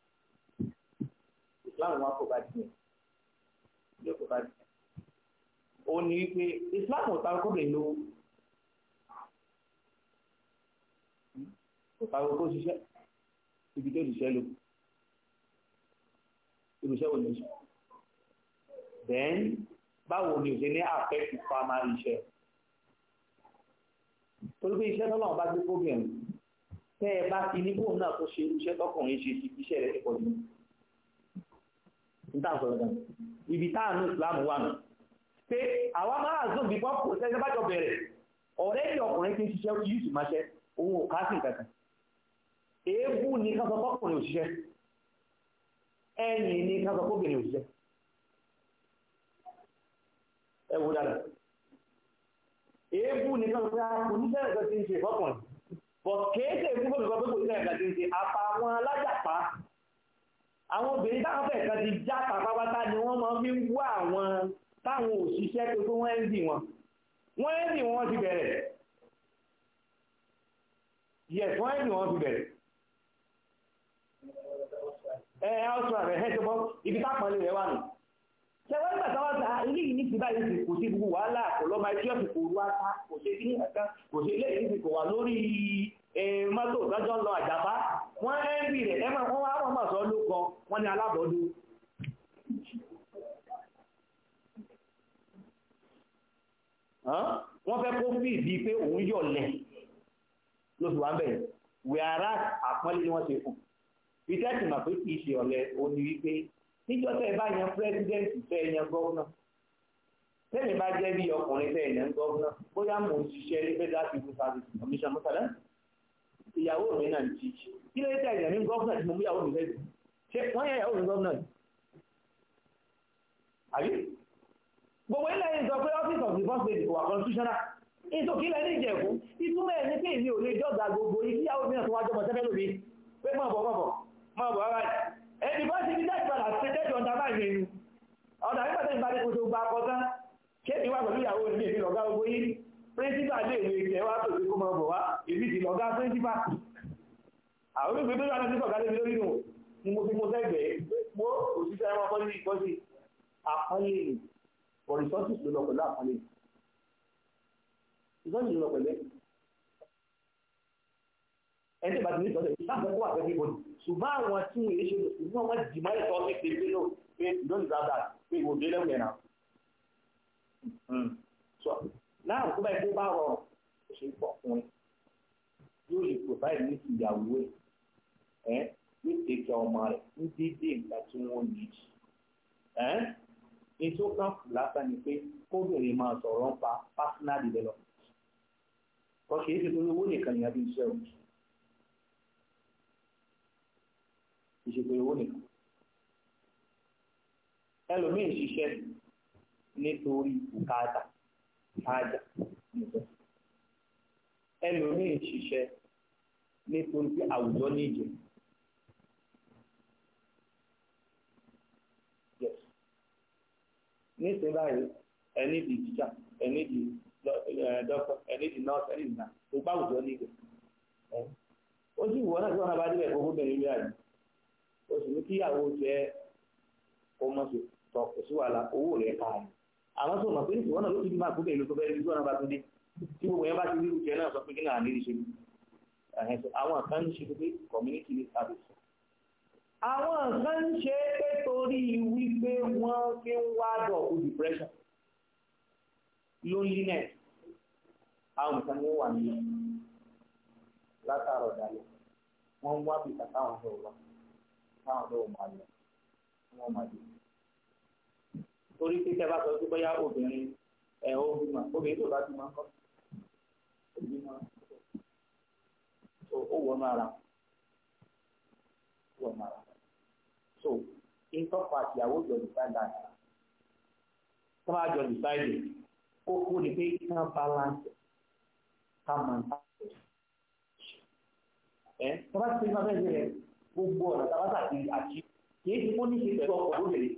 islam wa kò bá dìyàn yóò kò bá dìyàn ó ní wípé islam ò tarukó bẹ̀rẹ̀ lówó kò tarukó kó ṣiṣẹ́ ibi tó ṣiṣẹ́ lò irúṣẹ́ wo ni ṣe then báwo ni òṣèlú àfẹ́kù fama iṣẹ́ torí pé iṣẹ́ tọ́lọ́wọ́n bá gbé kó bẹ̀rẹ̀ tẹ́ ẹ bá ti ní bóun náà tó ṣe irúṣẹ́ tọkùnrin ṣe ti iṣẹ́ rẹ̀ ti pọ̀ jù ìtàkùnrin ibi táànù ìsìláàmù wà nù pé àwa máa zoom bí wọ́n kò sẹ́yìn bájọ bẹ̀rẹ̀ ọ̀rẹ́ ní ọkùnrin tí ń ṣiṣẹ́ yìí sì máa ṣe òun ò káàsì kankan èébú ni ká sọ fọ́kùnrin òṣìṣẹ́ ẹ̀yìn ni ká sọ fọ́kùnrin òṣìṣẹ́ ẹ wo dára èébú ni ká sọ fọ́kùnrin oníṣẹ́ ẹ̀kọ́ ti ń ṣe fọ́kùnrin bọ̀ kéèké èébú fọ́kùnrin kọ́ pé kò sí ẹ̀ka ti ń àwọn obìnrin táwọn fẹ̀ kan ti já pàpápátá ni wọ́n máa fi ń wá àwọn táwọn òṣìṣẹ́ tó tó wọ́n ń dì wọn wọ́n ń dì wọ́n ti bẹ̀rẹ̀ yes wọ́n ń dì wọ́n ti bẹ̀rẹ̀ ẹ ẹ ọ̀ṣun àbẹ̀ ẹ ṣe bọ́ ibi tápọ̀lẹ̀ rẹ̀ wà nù ṣẹ̀wọ́n nígbà táwọn ta ilé yìí ní ti báyìí ti kò sí gbogbo wàhálà kò lọ́ba ẹjọ́ kò rú ata kò ṣe ilé kò ṣe ilé yìí wà lórí mọ́tò lọ́jọ́ lọ àjàbá wọ́n ẹ́bì rẹ̀ ẹmọ̀ wọ́n wá wọ́n mọ̀sọ́ ló kọ wọ́n ní alábọ̀ọ́dú wọ́n fẹ́ kó fi ìdí pé òun yọ̀ lẹ̀ lóṣù wá ń bẹ̀rẹ̀ wíárá àpọ́nlé ni wọ́n ṣe fún ìtẹ́sì mà pé kìí ṣe ọ̀lẹ òní wípé níjọ́ tẹ́ bá yan pírẹ́sidẹ́ǹtì fẹ́ yan gọ́vnà tẹ́lẹ̀ bá jẹ́ bí ọkùnrin fẹ́ yan gọ́vnà bóyá mò ń ṣiṣẹ́ ní federal civil service commission mọ́sálẹ́sì ìyàwó mi náà ti kí ló dé ẹ̀yàn ní gọ́ọ̀nà tí mo mú ìyàwó mi lẹ́sìn ṣé wọ́n yẹ ìyàwó mi gọ́ọ̀nà ni àbí gbogbo ilẹ̀ yìí sọ pé office of the first lady kò wà constitutional ètò kí lẹ́ni ìjẹ̀kú ìtumọ̀ ẹ̀ ní pé èmi ò lè jọ́gà gbogbo ìyàwó mi náà tó wájọ́ mọ̀ sẹ́fẹ́ lómi pé mọ̀ bọ̀ mọ̀ bọ̀ mọ̀ bọ̀ wá ẹni bọ́ sí ilé ìpadà ṣe tẹ́jọ́ ọ̀dà máa yẹ ẹnu ọ̀dà nígbà tẹ́jọ́ bá dé kó tó píríncípà lè wé ìjẹ́ wá tó sí kó máa bọ̀ wá èmi ti lọ́gá píríncípà àwọn olùgbé tó dáná sí ọ̀gá lè lórí nù ni mo fi mo sẹ́gbẹ̀ẹ́ mo òṣìṣẹ́ ẹran kọ́ sí ìkọ́ àpọ́nlé ni for ló lọ pẹ̀lú àpọ́nlé ni ló lọ pẹ̀lú ẹni tí ìbàdàn ní ìtọ́jú láti kó àfẹ́ bí ṣùgbọ́n àwọn tí wọ́n ṣe lòsùn náà wọ́n dì máa láàrùn tó báyìí tó bá rọrùn kò ṣe é pọ̀ fún ẹ yóò lè provide ní ìyàwó ẹ ní ìtẹ̀kẹ́ ọmọ rẹ̀ ní dédé ìgbà tí wọ́n ní jù ẹ́ ètò kan kù lásán ni pé kóbìnrin máa sọ̀rọ̀ ń pa personal development kò kìí ṣe torí owó nìkan ni a fi ń ṣe òun ìṣètò owó nìkan ẹlòmíì ń ṣiṣẹ́ nítorí bùkátà ajá ẹlòmíì ṣiṣẹ́ nítorí pé àwùjọ níjẹ. nísìnyí báyìí ẹni di jíjà ẹni di dọ́kọ̀ ẹni di nọ́ọ̀sì ẹni di nà gbogbo àwùjọ níjẹ. ó sì wọ́n náà tí ìlú ó sì ní kíyàwó ọmọ sí wàhálà owó káàdì. àwọn tó mọ̀ pé ní ìwọ́n náà ló ti máa kó bẹ́ẹ̀ ló tó bẹ́ẹ̀ lójú ọ̀nà bá tó dé tí gbogbo yẹn bá ti rírú jẹ náà sọ pé kí náà nílì ṣe àwọn kan ń ṣe pé community ní service àwọn kan ń ṣe pé torí wípé wọ́n fi ń wá dọ̀kú depression loneliness àwọn nǹkan ni wọ́n wà nílẹ̀ látàrọ̀ dalẹ̀ wọ́n ń wá bìtà táwọn ọ̀dọ́ wa táwọn ọ̀dọ́ wa máa lọ wọ́n máa dé. torí pé tẹ́ bá sọ pé bóyá obìnrin ẹ̀ ó bímọ obìnrin tó bá bímọ kọ́ bímọ ó ara ara so ìtọ́kọ àtìyàwó jọ decide that tó bá jọ decide kókó ni pé ká balance ká maintain ẹ tó bá ti máa bẹ́ẹ̀ gbogbo ọ̀nà a bá kì í ti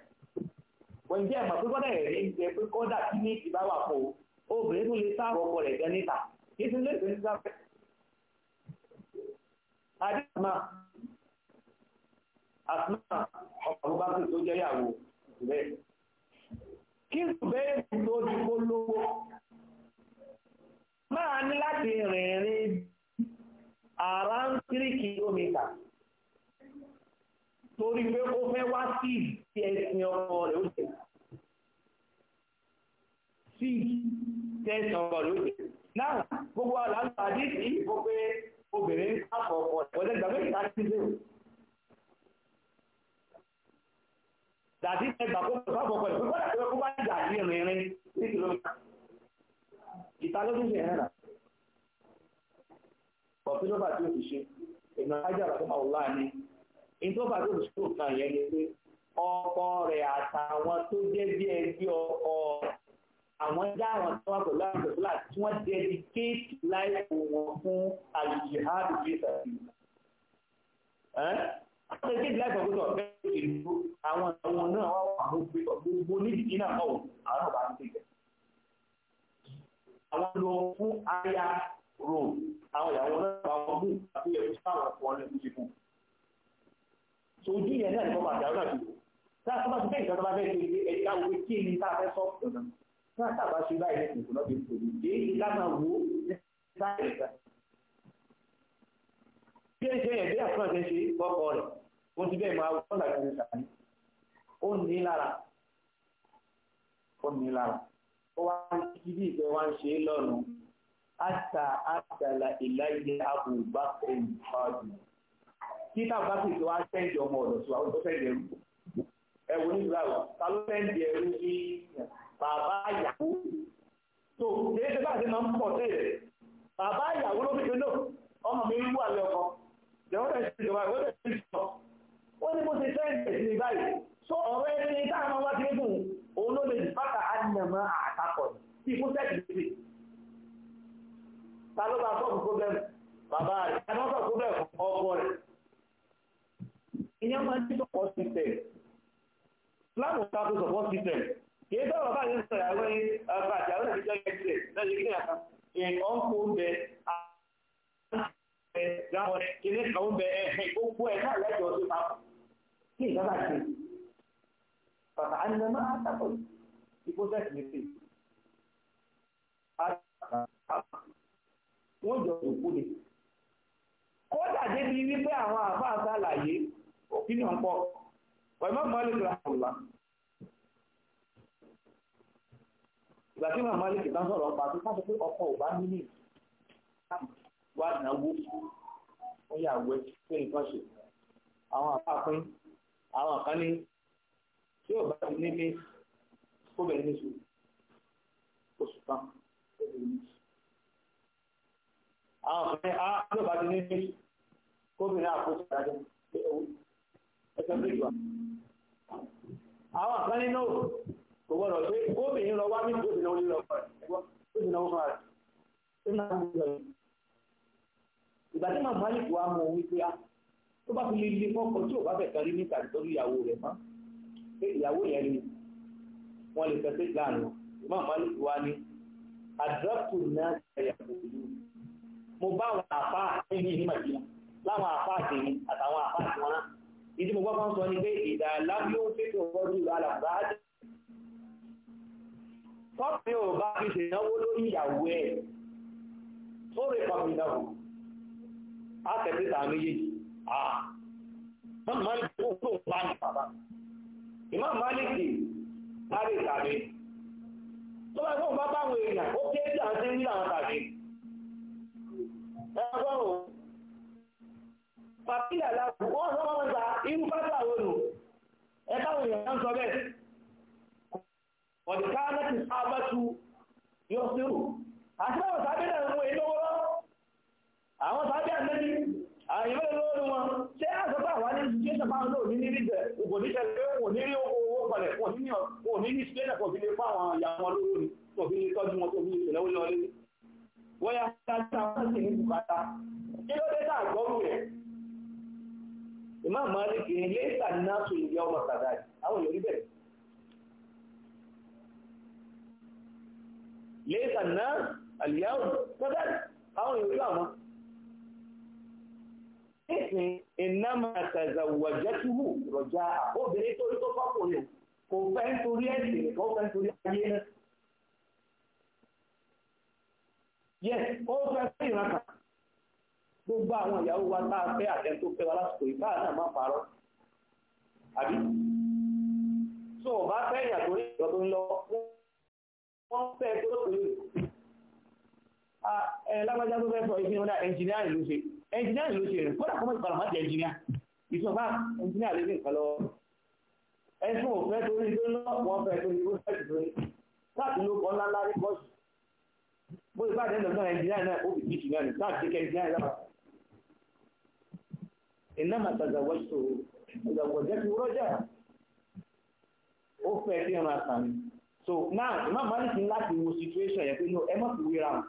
wọ́n jẹ́ ẹ̀mọ̀ pé kọ́dà ẹ̀rí ń jẹ pé kọ́dà kí ní ti bá wà pọ̀ obìnrin tó lè sáàrọ̀ ọkọ rẹ̀ gan níta kí ti lè tẹ̀lé sáfẹ́. adéhùnmá asúnmá ọkọ̀ bá tó jẹ́ ìyàwó rẹ̀ kí zùbẹ́rẹ́ tó di kó lówó máa ní láti rìnrìn àrà ń tírí torí pé ó fẹ́ wá sí ti ẹ̀sìn ọkọ rẹ̀ ó jẹ́ sí ti ẹ̀sìn ọkọ rẹ̀ ó náà gbogbo àlàáfíà pé obìnrin ń ọkọ rẹ̀ wọ́n dẹ́gbàá méjì láti ṣe ọkọ rẹ̀ pé bá jà ìrìnrìn ní kìlómítà ọ̀pẹ́ ló ìtọ́fà tó ti sùn kan yẹn ni pé ọkọ rẹ̀ àtàwọn tó jẹ́ bí ẹbí ọkọ àwọn dá tó wà pẹ̀lú àwọn pẹ̀lú àti tí wọ́n dedicate life wọn fún al-jihad fi sàbí. àwọn dedicate life wọn gbọ́dọ̀ bẹ́ẹ̀ ìlú àwọn àwọn náà wà wà mú pé gbogbo nídìí kí náà kọ̀wọ̀ àwọn náà bá ń tẹ̀lé. àwọn lọ fún aya rò àwọn ìyàwó náà bá wọn mú àti ẹ̀kú sáwọn ọkùnrin ẹ̀kú ṣe fún un so ojú yẹn náà ni wọ́n máa dàrú àti wò tá a tó bá ti bẹ́ẹ̀ ìjọba fẹ́ ṣe ẹ̀dí ká wọ́n kí ni tá a fẹ́ sọ ọ̀nà tá a tàbá ṣe báyìí ní kòkòrò bí kò ní dé ìlà máa wò ó ní sáyẹn ìgbà. bí ẹ ṣe yẹn bí àfúrà ṣe ṣe kọ́kọ́ rẹ̀ ó ti bẹ́ẹ̀ máa wọ́n làgbà ṣe sàní ó ní lára ó ní lára ó wá ń kí bí ìfẹ́ wá ń ṣe lọ́nu àtà àtàlà ìlàyé àbùbá tí táwọn bá sì tó wá sẹ́ǹdì ọmọ ọ̀dọ̀ tó àwọn tó sẹ́ǹdì ẹrú ẹ̀wù nígbà wà ta ló sẹ́ǹdì ẹrú sí bàbá ìyàwó tó déédé bá ti máa ń pọ̀ sí rẹ̀ bàbá ìyàwó ló fi dúró ọmọ mi wú àlẹ́ ọkọ ìyàwó rẹ̀ ti jọba ìwé rẹ̀ ti sọ ó ní mo ti sẹ́ǹdì ẹ̀sìn ní báyìí tó ọ̀rọ̀ ẹni táwọn wá ti gùn òun ló lè bàtà ànàmọ́ ta ló bá sọ̀rọ̀ problem bàbá rẹ̀ ta ló sọ̀rọ̀ problem ọkọ rẹ̀ ìyẹn máa ń ní support system Islam ò tako support system kìí sọ̀rọ̀ bá yẹn sọ̀rọ̀ àwọn ọba àti àwọn ìjọ yẹn ti rẹ̀ náà yẹ kí ni àkàn ìyẹn kan kó bẹ àwọn kìíní kan bẹ ẹ̀hìn gbogbo ẹ̀ náà lẹ́jọ́ sí máa kí ìjọba ṣe bàtà á nà máa tako ìbò sẹ́sì ní sí wọ́n jọ òkú ni kódà débi wípé àwọn àbá àṣàlàyé opinion pọ̀ wọ́n má mọ́lẹ̀ kí wọ́n wà. ìgbà tí wọ́n mọ́lẹ̀ kí wọ́n sọ̀rọ̀ ọ̀pá tó sábà pé ọkọ̀ ò bá ní ní wà náwó ó yà wẹ́ pé nǹkan ṣe àwọn àpá pín àwọn kan ní tí ò bá ti ní mí kó bẹ̀rẹ̀ ní oṣù kan àwọn kan ní á ah, tí ò bá ti ní mí kó bẹ̀rẹ̀ àkóso ìdájọ́ ẹsẹ̀ tó ìwà. àwọn kan nínú kò gbọdọ̀ pé gómìnà lọ wá ní gómìnà orí lọ gómìnà ó máa rẹ̀ ó máa ń lọ. ìgbà tí màmá ní kò á mọ òun pé á ah, tó bá fi lè le fọ́kọ tí ò bá fẹ̀ kárí níta nítorí ìyàwó rẹ̀ mọ́ pé ìyàwó yẹn ni wọ́n lè fẹ́ sí ìlànà màmá ní kò á ní àdúràkù náà ṣàyàwó ìlú mo bá àwọn àfáà ní ìlú màjìlá láwọn àfáà tèmi àtàwọn àfáà tí wọn náà ìdí mo gbọ́kàn sọ ni pé ìdá lábí ó fi ọwọ́ jù lọ àlàbáàdì tọ́pẹ́ ò bá fi ṣèyànwó lórí ìyàwó ẹ̀ tó rẹ̀ pàmì ìdáwó àtẹ̀síta méjèèjì àà mọ́ málìkì ó tó bá ní bàbá ìmọ̀ málìkì láre tàbí tó bá fún bá báwọn èèyàn ó kéèjì àti nílànà tàbí ẹgbọ́n pàpílà láàbù wọ́n sọ wọ́n sà irú pátá àwọn olù ẹ̀ka òyìn náà sọ bẹ́ẹ̀ ọ̀dìká láti sábàtú yọ sírù àti àwọn sábẹ́ náà ń wọ ìlówó lọ àwọn sábẹ́ àmẹ́bí àyẹ̀wò lórí wọn ṣé àṣọpá àwọn ní ṣe ṣe máa Imam Malik ní lẹ́sà náà tó ìyá ọmọ sàdáàdì àwọn èèyàn rí bẹ̀rẹ̀. lẹ́sà náà àlìyáwó sàdáàdì àwọn èèyàn rí àwọn. Nísìn ìnáma àtàzàwàjẹ́túhù rọ̀jà obìnrin tó rí tó fọ́kùnrin kò fẹ́ nítorí ẹ̀sìn kò fẹ́ nítorí ayé náà. Yes, ó fẹ́ sí ìrànkà gbogbo àwọn ìyàwó wa tá a fẹ́ àtẹ́ tó fẹ́ wa lásìkò ìbá náà má parọ́ àbí tó o bá fẹ́ ìyà tó ní ìjọ tó ń lọ wọ́n fẹ́ tó tó lè ẹ lágbájá tó fẹ́ sọ ìfihàn náà ẹnjìníà ló ṣe ẹnjìníà ló ṣe rẹ̀ kódà kọ́mọ̀ ìpàdà má jẹ ẹnjìníà ìṣọ̀bá ẹnjìníà lè ní nǹkan lọ́wọ́ ẹ̀sùn òfẹ́ torí tó ń lọ wọ́n fẹ́ torí tó fẹ́ tó ní láti ló kọ́ ńláńlá rí bọ́ọ̀sì bó ìbàdàn náà ó fi kìí ṣùgbọ́n ní ìnáma tàzàwọ́sọ ìgbàgbọ́jẹ́kì rọ́jà ó fẹ́ kí ẹran àtàmì so now Imam Malik ní láti wo situation yẹn pé no ẹ má fi wéra wọn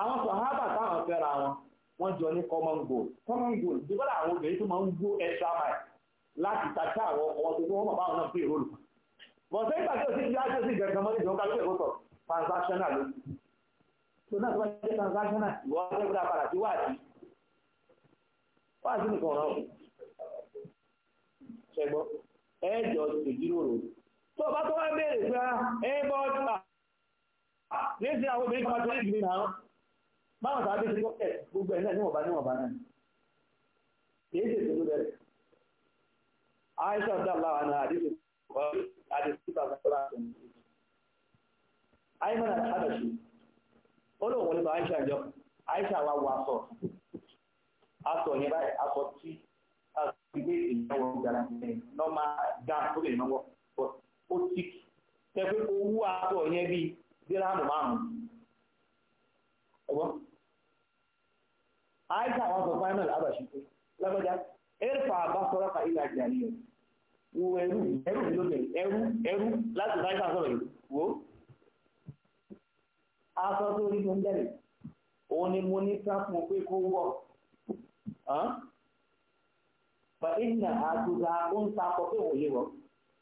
àwọn sàhábà táwọn fẹ́ra wọn wọ́n jọ ní common goal common goal dùgbọ́dà àwọn obìnrin tó máa ń gbó extra mile láti tàkà àwọn ọmọ tó wọ́n bàbá àwọn náà pé ìrólù bọ̀ sẹ́yìn pàṣẹ òsì bí ájọ́ sí gẹ̀gẹ̀ mọ́ níjọ́ kálí ẹ̀kọ́ transactional ló so náà tó bá jẹ́ transactional ìwọ́n fẹ́ gbọ́dá padà sí wáàdí wá sí nìkan ọ̀rọ̀ ṣẹgbọ́ ẹjọ́ ìjíròrò tó bá tó wá bèèrè pé ah, ẹbọ́ ọ̀tà ní àwọn obìnrin kan tó náà báwọn tàbí sí kọ́kẹ́ gbogbo ẹ̀ náà náà bẹ̀rẹ̀ Aisha wa aṣọ yẹn báyìí aṣọ tí aṣọ ìgbé ìyàwó ìgbàlá nọ́mà gán tó lè náwó ó tí tẹ́fẹ́ owó aṣọ yẹn bíi dírámù márùn-ún ẹ̀gbọ́n àìsàn àwọn sọ final abashi pé lágbájá ẹ̀fà àbásọ́rọ́ ka ilẹ̀ àjàrí ẹ̀ wo ẹrú ẹrú ló bẹ̀rẹ̀ ẹrú ẹrú láti láìsàn sọ̀rọ̀ yìí wo aṣọ tó rí tó ń bẹ̀rẹ̀ òun ni mo ní sáfún pé kó wọ̀ fàìnà àgùdà ó ń sakọ pé òun lè wọ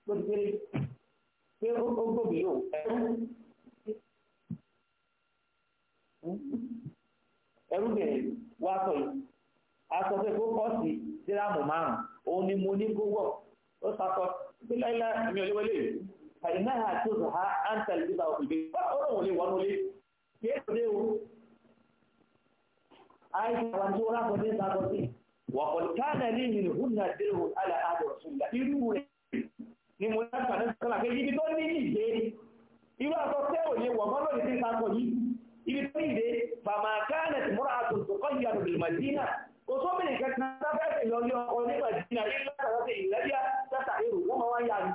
ló ti délé pé ó gbòmí yóò ẹrú ẹrú bẹ̀rẹ̀ wá sọ yìí aṣọ pé kó kọ́ sí dírámù márùn òun ni mo ní kó wọ̀ ó sakọ pé láíláí mi ò lè wọlé fàìnà àti òṣùhà áńtà ìdíbà òfìdí ó rọ̀ wọlé lé kí é aisha wa tí ó rákọ̀ sí ìsàkọ̀ sí wọ̀kọ̀ kánà ní ìlú húnà dèrò aláàdì ọ̀sùnlá irú rẹ̀ ni mo dákà ní sọ́lá pé ibi tó ní ìdè irú àtọ́ tẹ́ ò ní wọ̀kọ́ lórí sí ìsàkọ̀ yìí ibi tó ìdè bàmà kánà ti múra àtòtò kọ́ ìyá lòdì màdínà kò sọ mí nìkan kan sáfẹ́sẹ̀ yọ ní ọkọ̀ ní màdínà ilé látàkọ́sẹ̀ ìrẹ́bíà tẹ́tà èrò wọ́n máa wáyà ní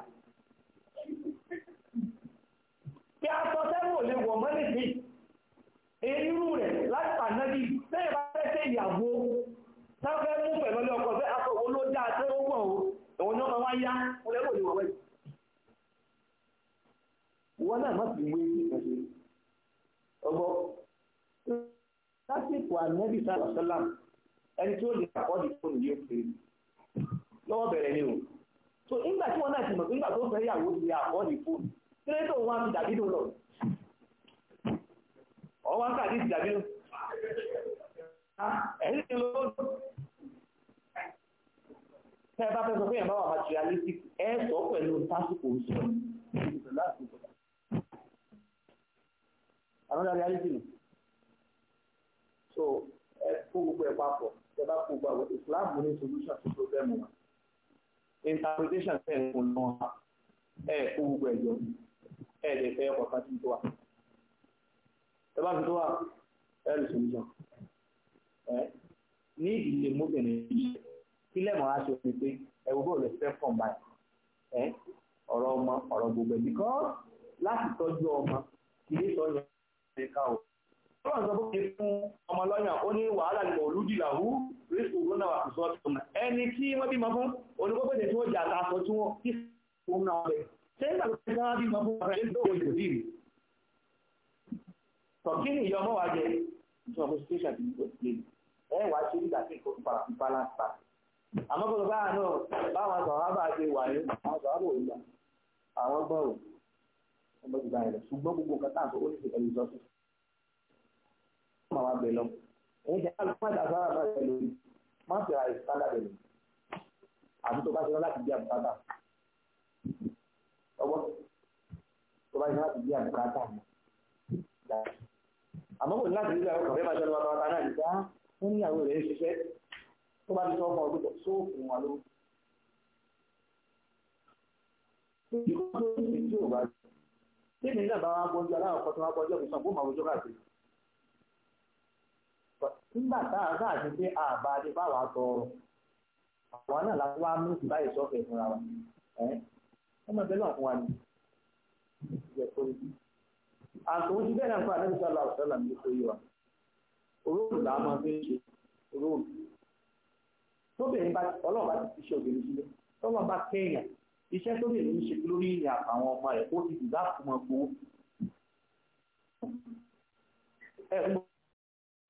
pé àtọ́ tẹ́wò lè wọ̀ mọ́ nìkan ìyàwó sáfẹ́ mú pẹ̀lú ọkọ̀ fẹ́ aṣọ òun ló dáa tó ó pọ̀ o òun náà wá yá ọlẹ́ ní wọ̀wẹ́ ìwọ náà má sì ya ìpèsè ọgbọ́ lásìkò ànẹ́bí sáà sọ́làm ẹni tí ó lè àkọ́dì fóònù yóò fi lọ́wọ́ bẹ̀rẹ̀ o so náà mọ̀ ẹ̀yìn ló tẹ́ bá fẹ́ sọ pé ìyàmbá wà materialistic ẹ sọ pẹ̀lú tásìkò sọ àwọn A reality nù so ẹ kó gbogbo ẹ̀ papọ̀ tẹ́ bá kó gbogbo àwọn Islam ní solution to problem wa interpretation fẹ́ ẹ̀ kò lọ́wọ́ ẹ̀ kó gbogbo ẹ̀ jọ ẹ̀ lè fẹ́ ọkọ̀ kan tó wà tẹ́ bá fi tó wà ẹ̀ lè solution ní ìdílé mọ́bìnrin yìí kí lẹ́mọ̀ á ṣe pé ẹ̀wù bọ́ọ̀lù fẹ́ fọ̀n báyìí ọ̀rọ̀ ọmọ ọ̀rọ̀ gbogbo ẹ̀bí kọ́ láti tọ́jú ọmọ kì í sọ yẹn ṣe ká o. ọ̀rọ̀ sọ fún mi fún ọmọ lọ́yàn ó ní wàhálà ní mọ̀lúdì làwú rísù ló náà wà kù sọ́ọ́ tó náà ẹni tí wọ́n bímọ fún oníkókòtè tí wọ́n jà ta aṣọ tí wọ́n kí fún náà bẹ̀. ṣé ìgbà tó ti wọ́n bímọ fún ọ̀rẹ́ ló wọ ìdòdì rẹ̀. tọ̀kí ni ìyọmọ ẹ wá ṣe nígbà tí nǹkan fà ń balance back. àmọ́ kò báà náà báwọn sọ̀hábà ṣe wà ní àwọn sọ̀hábà ò gbà àwọn gbọ́rọ̀ ọmọ ìgbà rẹ̀ ṣùgbọ́n gbogbo nǹkan táà tó ó ní ṣe ẹ̀rù ìjọsìn. máa wá bẹ̀ lọ ẹ̀yìn jẹ́ alùpùpù àdására máa bẹ̀ lórí má fi ra ìsítánà bẹ̀ lórí àti tó bá ṣe láti bí àbùkátà ọgbọ́n tó bá ṣe láti bí àbùkátà àmọ́ kò ní láti rí ó ní ìyàwó rẹ̀ ń ṣiṣẹ́ tó bá ti sọ ọmọ ọdún tó fún wa lówó. ìkókó ní tí ò bá rí tèmi náà bá wá gbọ́njú aláwọ̀ kan wá gbọ́njú ọ̀gbìn sàn kó máa káàkiri. nígbà tá a pé àbá ti bá tọrọ àwọn náà la wá mú fúnra wa ọmọ náà fún wa ni ti bẹ́ẹ̀ náà fún àwùjọ tó róòlù làá máa fi ṣe róòlù tóbìnrin bá ọlọ́run ti fi ṣe obìnrin sílẹ̀ tọ́lọ́run bá kẹ́yìn iṣẹ́ tóbìnrin ń ṣe lórí ìyá àtàwọn ọmọ rẹ̀ ó ti dùdá fún wọn gbowó ẹ mú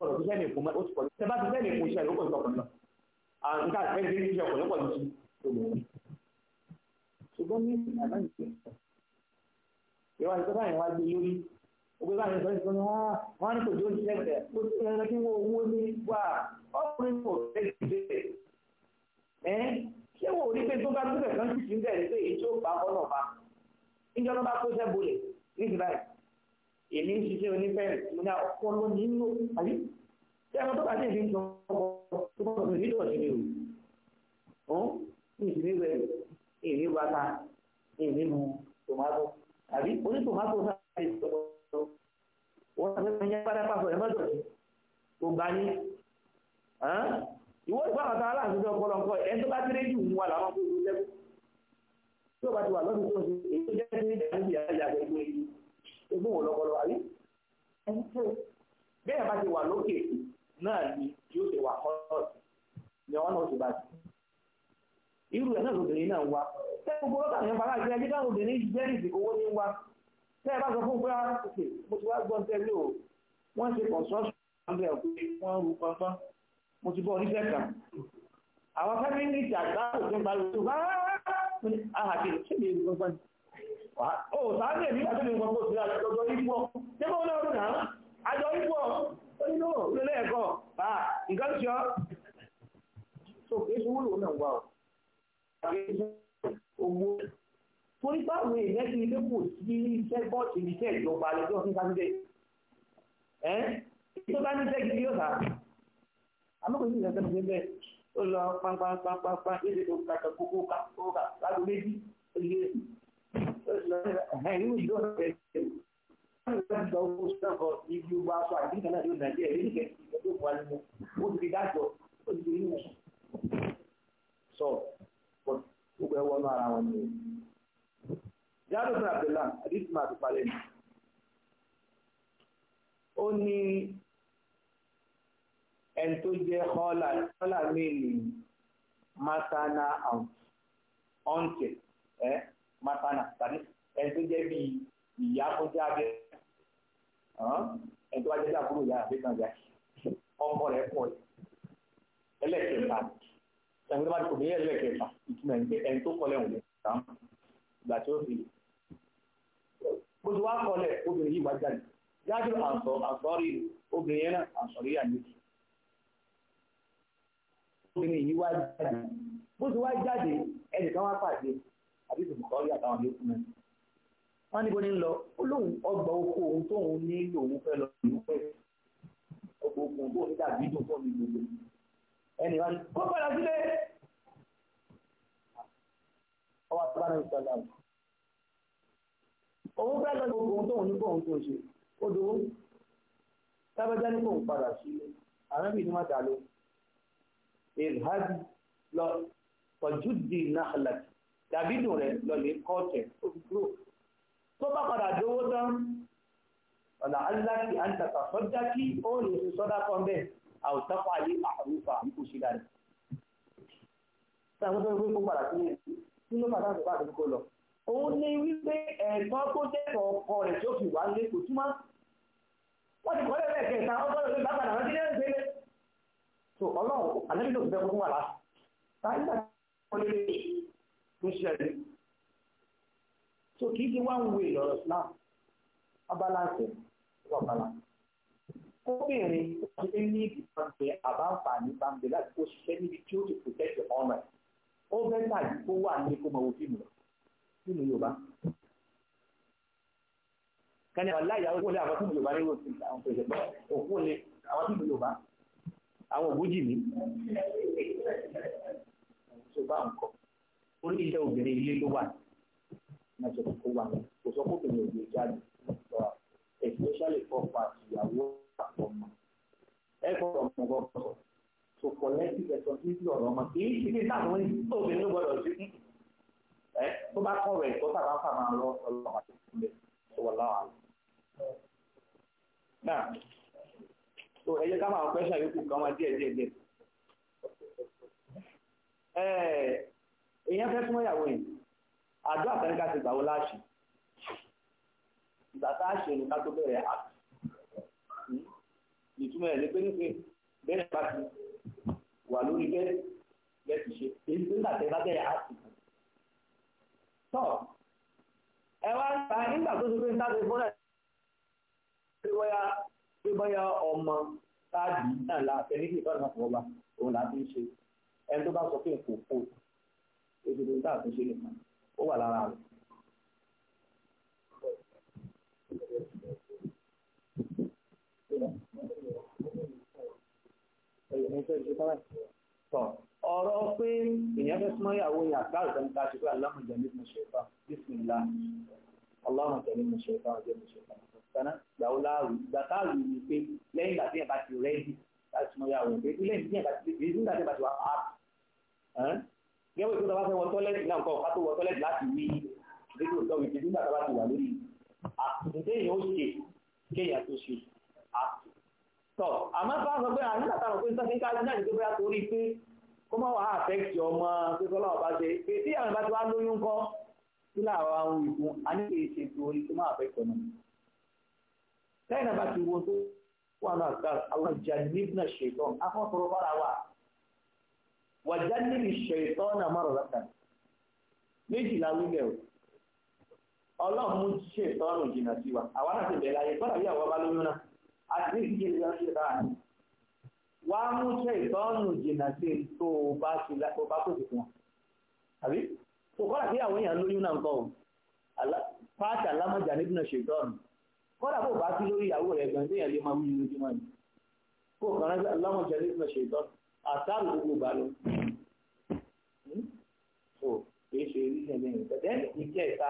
ọ̀rọ̀ tó ó ti pọ̀ tẹ bá ti sẹ́ni fún iṣẹ́ ìrókò ìtọ́kùn náà àwọn nǹkan àti ọkùnrin pọ̀ ṣùgbọ́n ní ògbé bá yẹn wọ́n ní kò jó ní ṣẹ́gbẹ̀ẹ́ ó ti rẹ̀ kí wọ́n owó ní wà ọkùnrin kò fẹ́ ìdílé ẹ̀ ṣé wò rí pé tó bá tó kan sì ti ń bẹ̀rẹ̀ pé èyí tó bá kọ́ náà níjọ́ ló bá tó sẹ́ bolè ní ti báyìí èmi ń ṣiṣẹ́ onífẹ́rẹ̀ mo ní ọkọ ló ní inú ẹ̀rọ tó bá dé ìdíjọ tó bá tó nílò ní ìdílé rẹ̀ wata èmi mu tòmátò àbí onítòmátò náà wọ́n sọ pé ẹ̀yẹ pátápátá ẹ̀ mọ́tò sí kò gbà ní. ìwọ́n ìgbà àwọn ará àtúntò ọpọlọ nǹkan ẹ̀ tó bá ti rédíò ń wà láwọn kò lè tí ó bá ti wà lọ́dún tó ń ṣe èyí jẹ́ ní ìdájọ́ ìyá ìyá ẹgbẹ́ yìí egbò wò lọ́pọlọ àrí ẹni tó bẹ́ẹ̀ bá ti wà lókè náà ni yóò ṣe wà kọ́ọ̀tù ni ọ̀nà oṣù bá ti irú ẹ̀ náà lóbìnrin náà wá tẹ́ gbogbo ọ̀tà yẹn bàbá àti ẹgbẹ́ obìnrin jẹ́rìsì owó ní wá tẹ́ ẹ bá sọ fún pé àkùkè ah, mo ti wá gbọ́n tẹ́lẹ̀ o wọ́n ṣe kọ̀sọ́ọ̀ṣù ọ̀gbẹ́ ọ̀gbẹ́ wọ́n rú pọ́npọ́n mo ti bọ́ oníṣẹ́ kan àwọn fẹ́mínísì àgbà òfin pariwo tó bá àhàkì ah, ah, ṣé mi ìlú oh, pọ́npọ́n o sáájú èmi àti ìlú pọ́npọ́n sí àjọ ìpọ̀ ṣé mo lọ́rù náà àjọ ìpọ̀ onínú lélẹ̀ ẹ̀kọ́ bá nǹkan ṣe ọ́ so kí torí báwo èèyàn ti ilé kò sí iṣẹ́ bọ́ọ̀sì iṣẹ́ ìjọba lọ́jọ́ fún sátidé ẹ́ tó bá ní iṣẹ́ gidi yóò sá amókòó sì lọ́sẹ̀ fún bẹ́ẹ̀ ó lọ pápápápápá lédè tó kàkà kókó kàkókà lágbo méjì ilé ẹ̀hìn ìjọ rẹ̀ Ìjọba owó sọ̀kọ̀ ibi owó aṣọ àti ìkànnà yóò Nàìjíríà èyí kẹ̀ ìjọba tó wà nínú ó ti fi dájọ́ ó ti fi rí wọn. Sọ jáde fún abdullahi àdìsí máa ti parẹ́ ni ó ní ẹni tó jẹ́ họ́là họ́là méèlì matana out ọ̀ǹtẹ̀ ẹ́ matana tàbí ẹni tó jẹ́ bí ìyá tó jẹ́ abẹ́ ẹni tó wá jẹ́ bí àbúrò ìyá àbẹ́ náà yá ọmọ rẹ̀ pọ̀ ẹlẹ́kẹ̀ẹ́ta ẹni tó bá ti kò bí ẹlẹ́kẹ̀ẹ́ta ìtumọ̀ ẹni tó kọ́ lẹ́wọ̀n lẹ́wọ̀n ìgbà tí ó fi lè bó ti wá kọlẹ̀ obìnrin yìí wá jáde jáde àǹsọ àǹsọ́rí obìnrin yẹn náà àǹsọ̀rí àlejò obìnrin yìí wá jáde bó ti wá jáde ẹnìkan wá pàdé àbí tòmùkọ́rí àtàwọn yòókù náà wọ́n níbo ní lọ ó lóun ọgbà oko òun tóun ní lòun fẹ́ lọ lòun fẹ́ ọgbà oko òun tóun ní dàbí dùn fún mi gbogbo ẹnì wá ní kó padà sílé ọwọ́ àti bá náà ń sọ òun fẹ́ lọ gbogbo ohun tóun ní kóun tó ṣe ó dowó tábẹ́já ní kóun padà sí àrẹ́bì ní mọ́ta ló ìhádìí lọ pọ̀jùdì náà tàbí dùn rẹ̀ lọ́lẹ̀ kọ́ọ̀tẹ̀ tó fi kúrò tó bá padà dowó tán ọ̀nà aláàkì àǹtàkà sọ́jà kí ó lè ṣe sọ́dá kan bẹ́ẹ̀ àwòtáfà ayé àrùfà kò sí dáadáa. sáà wọ́n tó ń gbé kó padà sílẹ̀ kí padà ń sọ bá lọ. òun ní wípé ẹ̀gbọ́n tó jẹ́kọ̀ ọkọ rẹ̀ tí ó fi wà ń lé kò túmọ̀ wọ́n ti kọ́lẹ̀ bẹ́ẹ̀ kẹta ọgbọ́n lórí bàbá náà nílẹ̀ gbélé tó ọlọ́run fẹ́ lè tó wá ń wé lọ́rọ̀ Islam wà bala ó àbáǹfààní láti kó ṣiṣẹ́ níbi tí ó ti ó nínú Yorùbá kẹ́ni ọ̀la ìyàwó kó lé àwọn tó Yorùbá nínú àwọn tó ìṣẹ̀gbọ́ òkú lé àwọn tó Yorùbá àwọn ògbójì mi tó bá nǹkan oríṣiríṣi obìnrin ilé ló wà náà tó kó wà kò sọ pé obìnrin òbí jáde especially fọ́pọ̀ àti ìyàwó àpọ̀mọ́ ẹ̀kọ́ ọmọ gbọ́dọ̀ tó pọ̀ lẹ́sìn ẹ̀sọ́ sí ọ̀rọ̀ ọmọ kì í ṣe ní sáà obìnrin gbọ́dọ̀ sí ẹ tó bá kàn rẹ̀ tó tàbá fà máa lọ ọlọ́run àti ìpínlẹ̀ tó wà láwọn náà tó ẹ jẹ́ ká máa pẹ́ṣà yòókù kan máa díẹ̀ díẹ̀ díẹ̀. èèyàn fẹ́ fún ìyàwó yìí àdó àtẹnika ti gbàwó láàṣì ìgbà tá a ṣe ní ká bẹ̀rẹ̀ àti hmm? ìtumọ̀ ẹ̀ ní pé nípe bẹ́ẹ̀ bá ti wà lórí bẹ́ẹ̀ bẹ́ẹ̀ ti ṣe èyí tó ń gbà tẹ́ bá bẹ̀rẹ̀ àti tọ́ ẹ wá ta nígbà tó ṣe pé táàbí fúnra ṣe pé bóyá ọmọ táàbí náà la fẹ́ríkì ìtọ́nà fún ọba òun là á fi ń ṣe ẹni tó bá sọ pé kò kó ètò tó ń nìkan ó wà lára rẹ̀. Tọ́ ọ̀rọ̀ pé èèyàn fẹ́ súnmọ́ ìyàwó yà láàrú tẹ́lẹ̀ tá a ṣe pé aláàmù jẹ́lẹ̀ mọ̀ ṣe fà bísímìlá aláàmù jẹ́lẹ̀ mọ̀ ṣe fà jẹ́ mọ̀ ṣe fà kaná ìyàwó láàrú ìgbà táàrú ni pé lẹ́yìn ìgbà tí yẹn bá ti rẹ́dì láti súnmọ́ ìyàwó pé lẹ́yìn tí yẹn bá ti rẹ́dì nígbà tí yẹn bá ti wà á gẹ́gẹ́ bí tó bá fẹ́ wọ tọ́lẹ́tì náà nǹkan kó má wàá àfẹ́kì ọmọ pípọ́lá ọba ṣe pé tí àwọn ìbáṣe wá lóyún kọ́ sí làwọn ohun ìfún a ní kì í ṣe torí kó má àfẹ́kì ọmọ. lẹ́yìn náà bá ti wo tó wà náà ká àwọn jàǹdínlẹ́bìnà ṣètò afọ́sọ̀rọ̀ fara wa wà jàǹdínlẹ́bì ṣètò náà má rọ̀ láta méjìlá wílẹ̀ o ọlọ́run mú ṣètò ọ̀nà jìnnà sí wa àwa náà ti bẹ̀rẹ̀ ayé wá mú ṣe ìtọ́nù jìnnà sí tó bá ti tó bá pèsè fún wọn àbí tó kọ́dà kí àwọn èèyàn lóyún náà ń kọ́ ọ pàtà lámọ̀jà níbi náà ṣètọ́nù kọ́dà kó bá sí lórí ìyàwó rẹ̀ gan téèyàn lè máa wúyọ lójúmọ́ ni kó kàn án lámọ̀jà níbi náà ṣètọ́nù àtàrù gbogbo bá lọ hmm? so kìí ṣe orílẹ̀ lẹ́yìn bẹ̀rẹ̀ ìkẹta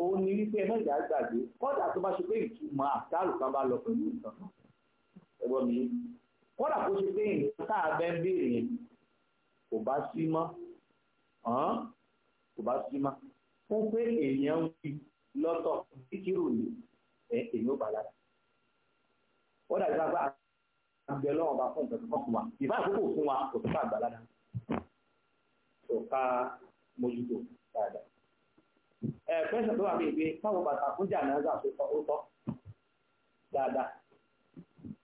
òun ni wípé ẹ̀mẹ́jà gbàgbé kọ́dà tó bá ṣe pé ìtumọ̀ àtàrù kan bá lọ pẹ̀lú kódà kó ṣe pé nǹkan tá a bẹ́ ń béèrè yẹn kò bá sí mọ́ kò bá sí mọ́ fún pé èèyàn ń wí lọ́tọ̀ kíkírò ní èèyàn ó bá lára kódà ìgbà bá àgbẹ̀ lọ́wọ́ bá fún nǹkan tó fún wa ìbá àkókò fún wa kò tó bá àgbà lára kò ká mójútó dáadáa ẹ̀ pẹ́sẹ̀ tó wà ní ìgbé káwọn bàtà fún jàǹdà ó tọ́ dáadáa.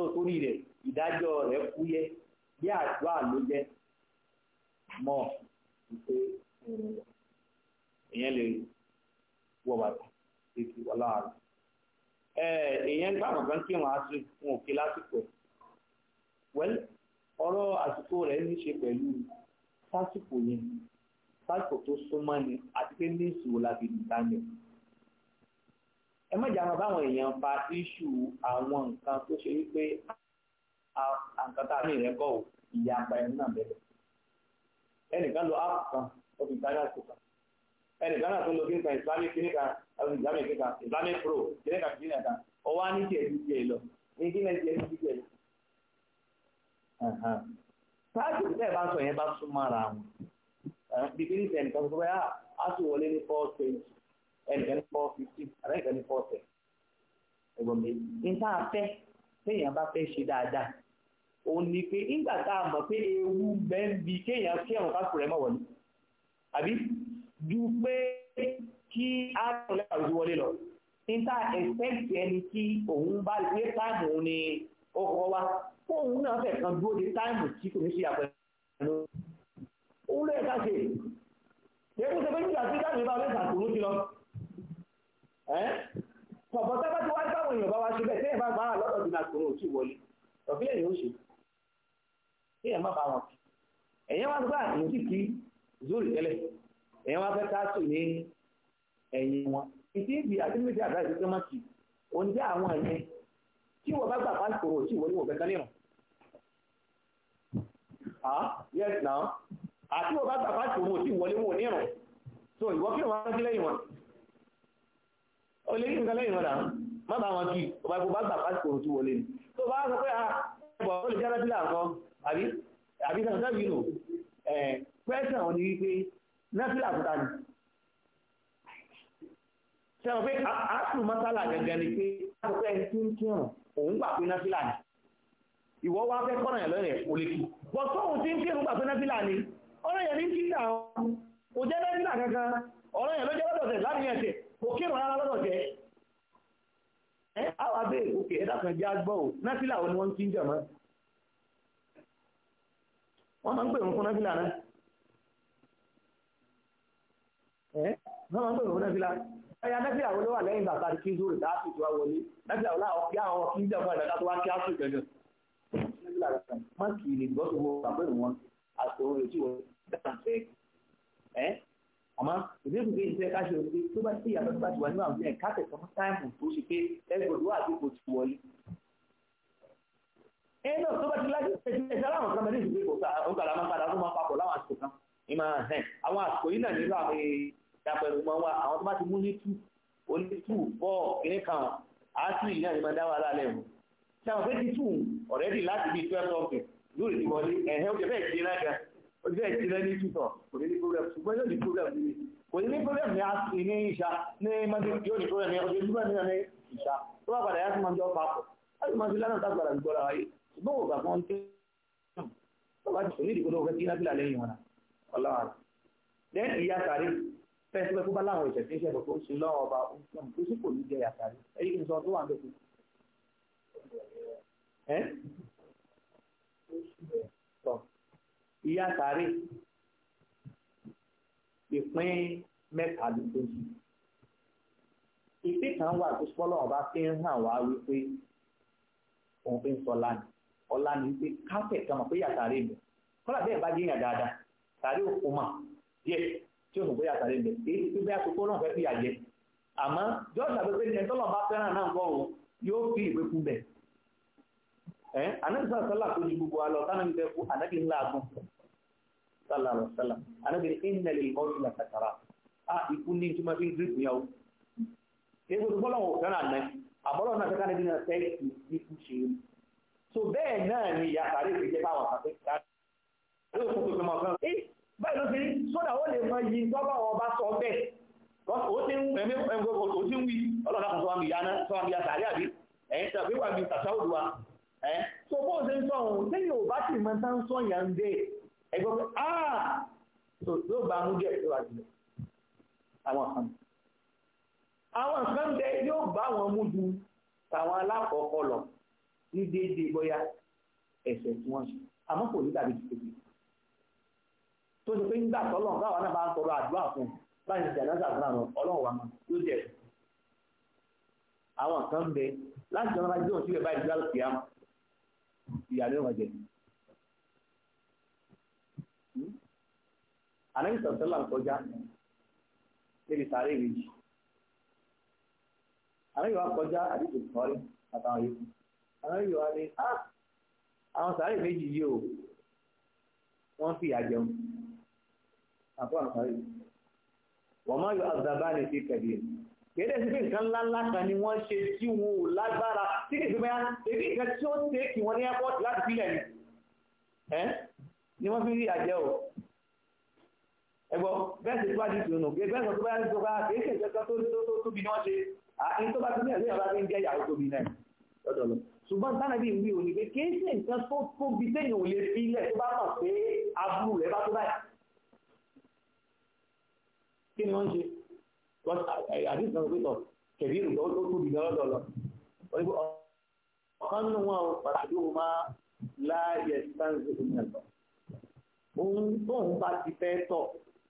tó torí rẹ̀ ìdájọ́ rẹ̀ fúyẹ́ bí àdúrà ló jẹ́ mọ́ ìpè èèyàn lè wọ bàtà títí wà láàárọ̀ èèyàn gbà kankan kí wọn aṣọ wọn òkè lásìkò ẹ̀ wẹ́l ọ̀rọ̀ àsìkò rẹ̀ ní ṣe pẹ̀lú sásìkò yẹn sásìkò tó súnmọ́ ni àti pé ní ìṣòro láti dìgbà yẹn ẹ mọ̀jà wọn báwọn èèyàn fa iṣu àwọn nǹkan tó ṣe wípé nǹkan tá a ní ìrẹ́kọ̀ ò ìyá apá ẹni náà bẹ̀rẹ̀ ẹnìkan lo app kan ó fi gbára kó kan ẹnìkan náà tó lo kíníkan islamic kíníkan islamic kíníkan islamic pro kíníkan kíníkan ọwọ́ á ní tiẹ̀ di tiẹ̀ lọ ní kíníkan tiẹ̀ ju tiẹ̀ lọ sáájú ìtẹ́ ìbá sọ yẹn bá súnmọ́ ara wọn bíbí ah, ní ìfẹ́ nìkan tó bá ẹnìkan ní four fifty àbẹ́nìkan ní four ten ẹ̀gbọ́n mi níta fẹ́ téèyàn bá fẹ́ ṣe dáadáa òun ni pé nígbà tá a mọ̀ pé ewu bẹ́ẹ̀bi kéèyàn kí ẹ̀wọ̀n ká kúrẹ́ mọ̀ wọ̀lú àbí ju pé kí á tún lẹ́ka ojú wọlé lọ níta ẹ̀sẹ̀kì ẹni tí òun bá lé táìmù ni ó kọ́ wa fóun náà fẹ̀ kan dúró de táìmù tí kò ní sí àpẹẹrẹ òun lóye ká ṣe èkó sọ pé nígbà tí táìmù bá lè ṣàkóso ti lọ ọ̀bọ̀ tó wá ṣe bẹ́ẹ̀ bá gbára lọ́dọ̀ dùn àkùrọ̀ òtí wọlé ọ̀fí lẹ́yìn ó ṣe téèyàn má bá wọn kí ẹ̀yẹn tẹ́lẹ̀ wá fẹ́ ní ẹ̀yìn wọn ìdí ìbí kì jẹ́ àwọn tí wọ́n bá gbà bá òtí wọlé wọ́n o lè rí nǹkan lẹ́yìn padà má bá wọn kí ọba ìbò bá gbà pásítọ̀ òun tún wọlé ni tó bá sọ pé a bọ̀ ó lè jára sílẹ̀ àkọ́ àbí àbí sàn sábì nù ẹ̀ pẹ́sàn wọn ni wípé nẹ́fìlà àkúta ni sẹ́wọ̀n pé àásùn mọ́sálà gẹ́gẹ́ ni pé àti pé ẹni tí ń kírun òun gbà pé nẹ́fìlà ni ìwọ wá fẹ́ kọ́nà yẹn lọ́rẹ̀ kò lè kí bọ́ sóhun tí ń kírun gbà pé nẹ́fìlà ni ọ̀rọ̀ yẹn ní kí kà ó kò jẹ́ nẹ́fìlà kankan ọ̀rọ̀ yẹn kò kírun rárá lọ́dọ̀ jẹ́ ẹ àwọn abẹ́ òkè ẹ̀dá kan jẹ́ agbọ́ ò náfìlà ò ní wọ́n ti ń jẹ̀ mọ́ wọ́n máa ń pè wọn fún náfìlà náà ẹ wọ́n máa ń pè wọn fún náfìlà ẹ̀yà náfìlà wo ló wà lẹ́yìn bàtà kí zoro láti tó wá wọlé náfìlà wo láwọn kí àwọn kí ń jẹ̀ fún ẹ̀dá tó wá kí á sùn jẹjọ má kì í lè gbọ́ tó wọ wọn àtòwò tí wọ́n dá àmọ́ ìdílé kìí ṣe ká ṣe òun pé tó bá sí ìyàtọ̀ tó bá ti wà nínú àwọn ẹ̀ka tẹ̀sán fún táìmù tó ṣe pé ẹgbẹ̀rún wà àdúgbò ti wọlé. ẹ náà tó bá ti lájú ẹ̀ṣẹ̀ aláwọ̀ kan mẹ́rin ìdílé kò sá ó gbàdá máa padà ó máa papọ̀ láwọn àsìkò kan ìmọ̀ ẹ̀hìn àwọn àsìkò yìí náà nílò àwọn ìdàpẹ̀rù mọ́ wa àwọn tó bá ti mú ní tù ó ní tù bọ́ kìnní kan àásìrì ni máa dá wàhálà lẹ̀ wọ̀ ṣàwọn pé títù ọ̀rẹ́dì láti bíi twelve something lórí ìwọlé ẹ̀hẹ́ ọjọ́ ìtìlẹ̀ ní títọ̀ kò ní ní problem ṣùgbọ́n yóò ní problem ní kò ní ní problem ní àti ní ìṣá ní mọ́tí yóò ní problem ní ọjọ́ ìdúgbà ní ọjọ́ ìṣá tó bá padà yá sí máa ń jọ papọ̀ láti máa fi lánà tágbàrà gbọ́ ra wáyé ṣùgbọ́n kò gbà fún ọ́n tó bá ti sọ ní ìdíkọ́ tó fẹ́ kí nábìlà lẹ́yìn wọn ọlọ́run lẹ́yìn ìyá sáré fẹ́ẹ́sìpẹ́ kó bá láwọn ìṣẹ̀ tí ń ìyá sáré ìpín mẹ́ta dị ìpín kan wà ọba fi ń hàn wá wípé òun fi ń sọ lánàá ọ̀la wípé kan mọ̀ pé ìyá mi kọ́lá bẹ́ẹ̀ bá jẹ́ yàn dáadáa sáré òkú mà díẹ̀ tí òun mi èyí náà fi yà jẹ bá fẹ́ràn ẹ́ anábìsá sálà tó ju gbogbo alọ tánàbí bẹ́ẹ̀ fún anábì ńlá agbọn sálà lọ sálà anábì ní ìnà lè kọ́ sílà sàkàrà á ikú ní tí ma fi ń gírí ìpínyà o èso tó bọ́lọ̀ wò fẹ́ràn náà fẹ́ràn níbi náà fẹ́ẹ́ kì kú ṣe é so bẹ́ẹ̀ náà ni yàtàrí ìfìjẹ́ báwọn àfẹ́ báyìí ló fi sódà ó lè mọ iye tọ́gbà ọba sọ bẹ́ẹ̀ ó ti ń ẹ̀mí ẹ̀mí ó ti ń wí ọlọ́dà kan sọ wà mí yá náà sọ wà mí yá ẹ́ so bó ṣe ń sọ̀hún lẹ́yìn ò bá sì mọ tán sọ yàn ẹgbẹ́ pé ah so yóò bá mú díẹ̀ síwájú lọ àwọn kan àwọn kan dẹ yóò bá wọn mú ju tàwọn alákọ̀ọ́kọ́ lọ ní déédéé bóyá ẹ̀sẹ̀ tí wọ́n ṣe àmọ́ kò ní dàbí títí tó ṣe pé nígbà tọ́lọ̀ báwọn náà bá ń tọrọ àdúrà fún báyìí jàdáza fún àwọn ọlọ́run wa yóò jẹ̀rù àwọn kan bẹ láti ọ̀nà ajé òun sílẹ̀ báyìí ìyàrá ìwà jẹ. Hmm? ànábì sọ̀tẹ́là ń kọjá níbi sàárè méjì ànábì wa kọjá àdìsí kọ́rí àtàwọn yòókù ànábì wa ní ah! àwọn sàárè méjì yìí o wọ́n fìyà jẹun àbúrò àwọn sàárè wọ́n máa yọ àzàbáni sí kẹ̀dí kéde sí pé nǹkan ńláńlá ni wọ́n ṣe tí wọn ò lágbára tí kìí fún bẹ́yà èyí nǹkan tí ó ṣe kí wọ́n ní airport láti sílẹ̀ ni ẹ́ ni wọ́n fi rí àjẹ́ o ẹgbọ́ bẹ́ẹ̀ sì tó àdìsí ònà gbé bẹ́ẹ̀ sọ pé báyà tó bá kéé ṣe ìjọba tó tó tóbi ni wọ́n ṣe àti tó bá tó ní ẹ̀sìn ìjọba tó ń jẹ́ ìyàwó tóbi náà lọ́dọ̀ lọ ṣùgbọ́n tánà bí ìwé òní pé kéé ṣe nǹkan tó tóbi téèyàn ò lè fi tó bá mọ̀ pé aburú rẹ̀ bá tó báyìí kí ni wọ́n ń ṣe àdìsí náà pípọ̀ kẹ̀bí ìrùkọ́ tó tóbi lọ́dọ̀ lọ. ọ̀kan nínú wọn pàtàkì òun máa láàyè sáǹsì ìrìnà lọ. ohun tóun bá ti fẹ́ tọ̀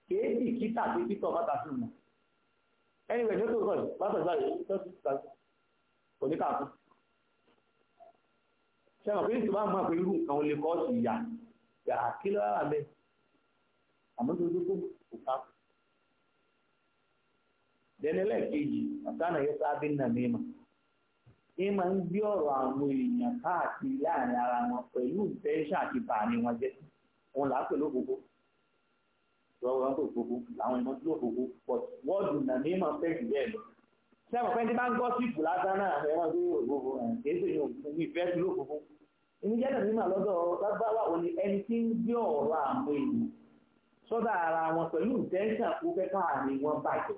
kéèdì kíta àti títọ̀ bàtà sí wọn. ẹni wẹ̀ ní ó tó sọ̀rọ̀ bàtà sáré tó sì sá kò ní káàkó. ṣé àwọn akéwìsì máa ń máa pẹ̀lú nǹkan olè kọ́ọ̀sì ìyá ìyá kí ló dẹ́nilẹ̀ kejì àtànà yóò sábẹ́ nàmímà ní máa ń gbé ọ̀rọ̀ àwọn èèyàn káàkiri láàrin ara wọn pẹ̀lú ìfẹ́ṣà àti bàání wọn jẹ́ òun là á pè lókòókò lọ́wọ́ wọn kò gbogbo làwọn ìmọ̀ tí lókòókò pọ̀ wọ́ọ̀dù nàmímà fẹ́ẹ̀kì bẹ́ẹ̀ lọ sẹ́wọ̀n fẹ́ntì bá ń gbọ́ sí ìpù lásán náà ẹ̀rọ tó yóò gbogbo kìí ṣe yóò fún ìfẹ́ sí lókòókò inú tí ń gbé ọ̀rọ̀ àwọn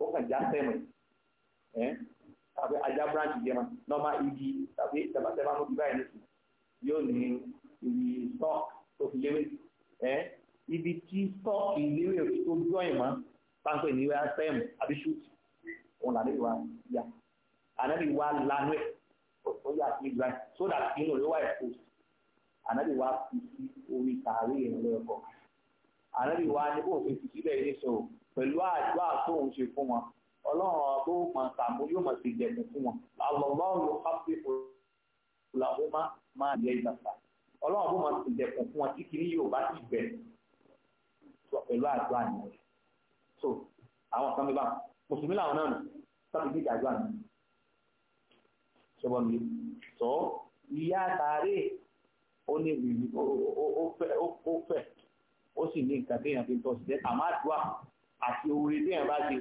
ó kàn já sẹ́mù ẹ̀ tàbí ajá branch jẹ́ máa nọ́mà igi tàbí tẹ̀bàtẹ̀bà mú ibà ẹ̀ nìkan yóò ní ibi stock tó fi léwé ẹ̀ ibi tí stock léwé tó join mọ́ pàǹpẹ̀ ní wíwá sẹ́mù àbí shoot òun làdé ìwà yá ànábì wa lanu ẹ̀ ó yà sí ibra so that inú rẹ̀ wà exposed ànábì wa fi sí orí tààrí ìrìn lẹ́ẹ̀kọ́ ànábì wa ní bóun fi fi sílẹ̀ ilé sọ̀rọ̀ pẹ̀lú àjọ àtòhùn ṣe fún wọn ọlọ́run ọgbó máa tààmú yóò máa ti jẹ̀kùn fún wọn àlọ́lọ́run káfí làwọn máa máa yẹ ìdàgbà ọlọ́run ọgbó máa ti jẹ̀kùn fún wọn tí kìíní yóò bá ti bẹ̀ pẹ̀lú àjọ àyàn so àwọn kan bíbá mùsùlùmí làwọn náà nù sábì ní ìdájọ́ àná ṣọbọ mi sọ ìyá àtàrí ó ní ó fẹ́ ó sì ní nǹkan téèyàn fi tọ́ sí jẹ́ àmàdùá àti oore bí ẹ̀rọ bá ṣe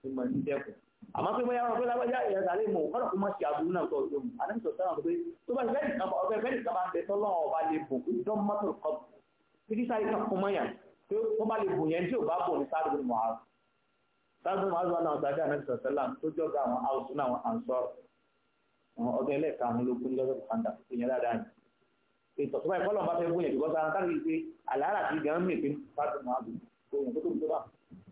ṣe mọ̀ ní dẹ́kun àmọ́ pé bóyá ọgbẹ́ lábọ́já ìyá sàlẹ̀ mọ̀ kọ́nà kó má ṣe àbúrú náà tọ́ ìjọba àdáńtò sáwọn pé tó bá fẹ́ẹ́ nìkan ọbẹ̀ fẹ́ẹ́ nìkan bá tẹ̀ tọ́lọ́ ọba lè bò ìjọ mọ́tò kọ́ títí sáré kan kọ́ mọ́yà pé wọ́n bá lè bò yẹn tí ò bá bò ní sáré gbọ́dọ̀ mọ́ àrùn sáré gbọ́dọ̀ mọ́ àrùn náà sáré àdáńtò sẹ́lá tó jọ́gà àwọn haúsù náà ni ìtọ̀ tó báyìí kọ́lọ̀ bá mèpé fásitì mọ́ àbí ohun tó tóbi tó bá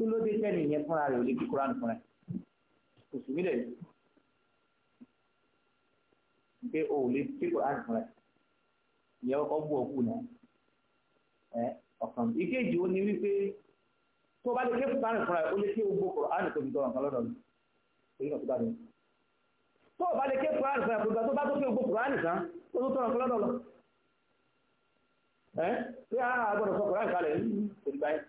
kí ló dé sẹ́ni yẹn fúnra rẹ̀ ò lè kí kúránù fúnra rẹ̀ kò sì mí lẹ̀ pé o ò lè kí kúránù fúnra rẹ̀ ìyẹn ọkọ̀ bú ọkù náà ẹ ọ̀kan ìkejì ó ní wípé tó bá lè kí kúránù fúnra rẹ̀ ó lè kí o gbó kúránù tó fi tọrọ nǹkan lọ́dọ̀ mi èyí náà tó bá dé tó bá lè kí kúránù fúnra rẹ̀ tó bá tó kí o gbó kúránù tán tó tó tọrọ lọ́dọ̀ lọ ẹ pé ah, a gbọ́dọ̀ sọ kúránù kalẹ̀ nígbà yẹn.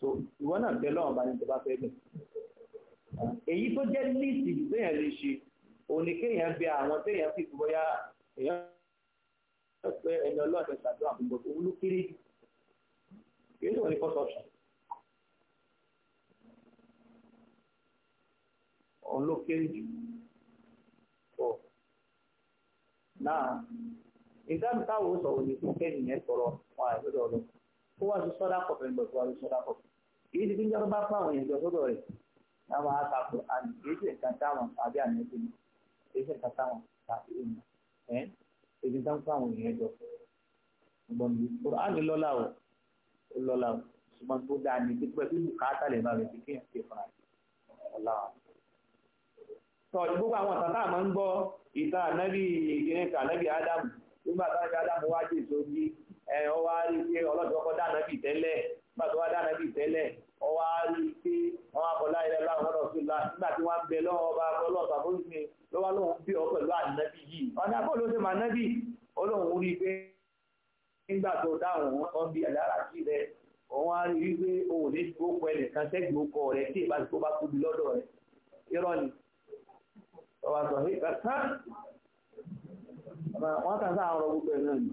so ìwọ náà fẹ́ lọ́wọ́ bá ní tó fẹ́ bẹ̀ èyí tó jẹ́ líìsì téèyàn lè ṣe òní kéèyàn bẹ àwọn téèyàn sì fi bóyá èèyàn pẹ́ ẹni ọlọ́ọ̀tẹ̀ ṣàdúrà gbogbo tó wúlú kiri kì í sọ̀rọ̀ ní first option òun ló kéré jù pọ̀ náà ó wá sí sọ́dá kọ̀fẹ́ ń bọ̀ tó wá sí sọ́dá kọ̀fẹ́ èyí ti fi ń jẹ́ bá fún àwọn èèyàn sọ́dọ̀ rẹ̀ láwọn àtàkù àmì èyí sì kan táwọn àbí àmì ẹgbẹ́ mi èyí sì kan táwọn tàbí èmi ẹ èyí tán fún àwọn èèyàn jọ ọgbọ́n mi kúránì lọ́la o ó o ṣùgbọ́n tó dáa ní pípẹ́ bí bùkátà lè bá rẹ̀ sí kéèyàn ṣe fún kan ànábì ádámù nígbà táwọn ádámù wájú ẹ ọwá rí pé ọlọ́dún ọkọ̀ dáná bì tẹ́lẹ̀ nígbà tó wá dáná bì tẹ́lẹ̀ ọwá rí pé wọn akọ̀lá ilẹ̀ láwọn ọ̀dọ̀ sí la nígbà tí wọ́n bẹ lọ́wọ́ ọba ọlọ́ọ̀ta fún mi lọ́wọ́ lóhun bí ọ pẹ̀lú ànábì yìí ọ̀nà àbọ̀ ló ṣe mà nábì olóhun rí pé nígbà tó dáhùn wọn bí àdára sí rẹ òun á rí wípé òun ní ti gbókò ẹnìkan sẹ́gbìn ó kọ rẹ tí ìbá gbogbo ẹ̀ náà ni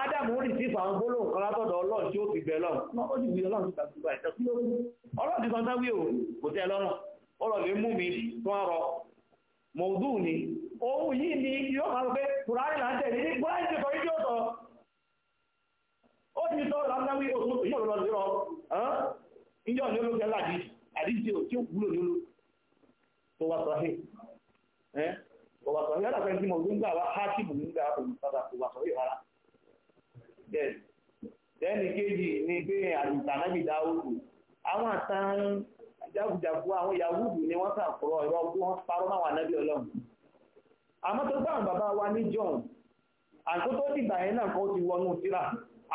Ádámù ó rìn sí ìfàwọn gbólóhùn kan látọ̀dọ̀ ọlọ́run tí ó fi bẹ̀ lọ́run. ọlọ́run ti tàbí bá wí o, kò tẹ́ lọ́rùn. Ọ̀rọ̀ lè mú mi rọ. ni. Òun yìí ni yóò máa pé Kùránì là ń tẹ̀lé ní ti sọ Ó ti sọ yóò lọ sí rọ. Ìjọ ni bẹ́ẹ̀ lẹ́nu kejì ni pé àdìtànábì dáwùdù àwọn àtàn jákujàku àwọn yahudu ni wọ́n kàn kúrọ̀ ìrọ̀ ọgbọ́n wọn parọ́ máa wà nábì ọlọ́run àmọ́ tó bá àwọn bàbá wa ní john àkótó dìgbà yẹn náà kan ó ti wọnú síra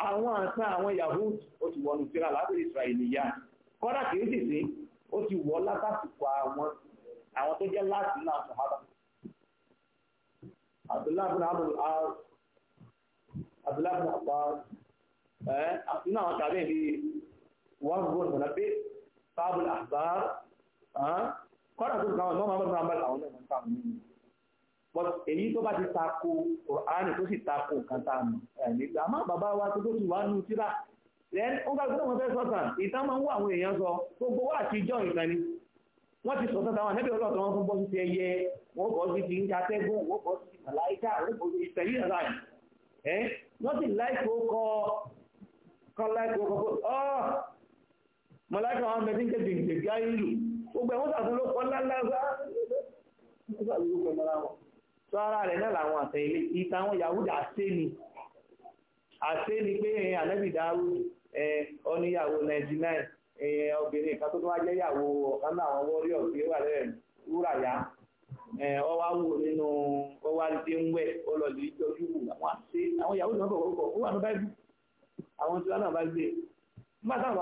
àwọn àtàn yahudu ó ti wọnú síra kọ́dà kìí ó ti wọ́ látàsìkò abdullahi abbas eh, nínú àwọn tàbí ìbí wọ́n gbọ́n mọ̀nà pé fábùl àbár eh, kọ́nà tó kàwọn mọ́ mọ́ mọ́ àwọn náà ń fàmù nínú but èyí tó bá ti tako Kùránì tó sì tako nǹkan tá a mọ̀ ẹ̀ẹ́dẹ́gbẹ́ àmọ́ bàbá wa tó tó ti wà nù tíra then ó gbàgbé tó wọn fẹ́ sọ̀tàn ìtàn máa ń wọ àwọn èèyàn sọ gbogbo wa àti ìjọ ìtàn ni wọ́n ti sọ̀tàn táwọn ẹ̀ẹ́dẹ́gbẹ́ ọlọ́ọ̀tọ̀ wọn fún bọ́ ti ẹyẹ wọ́n bọ́ sí ti ń jatẹ́gùn wọ́n bọ́ sí ti màláìkà wọ́n bọ́ sí ti tẹ̀lé nothing like ó kọ́ kan like ó kọ́ pé ọ́ mọ̀láìkà àwọn ọmọdé ń ké gbèǹgbè gáyé lù gbogbo ẹ̀wọ́n sàtún ló kọ́ lálá tó ara rẹ̀ náà làwọn àtẹ̀lé ìtàwọn Yahudi àṣẹ ni àṣẹ ni pé ànábì Dáúdù oníyàwó 99 obìnrin ìka tó tó wá jẹ́ yàwó ọ̀kan náà àwọn wọ́ríọ̀ tí wà lẹ́rẹ̀ wúrà yá ọ wá wò nínú ọ wá rí pé ń wẹ̀ ọ lọ lè jọjú wò àwọn àti ìyàwó ìnáwó kọ̀ọ̀kọ̀ ó wà ní báyìí àwọn tí wọn náà bá gbé e. nígbà táwọn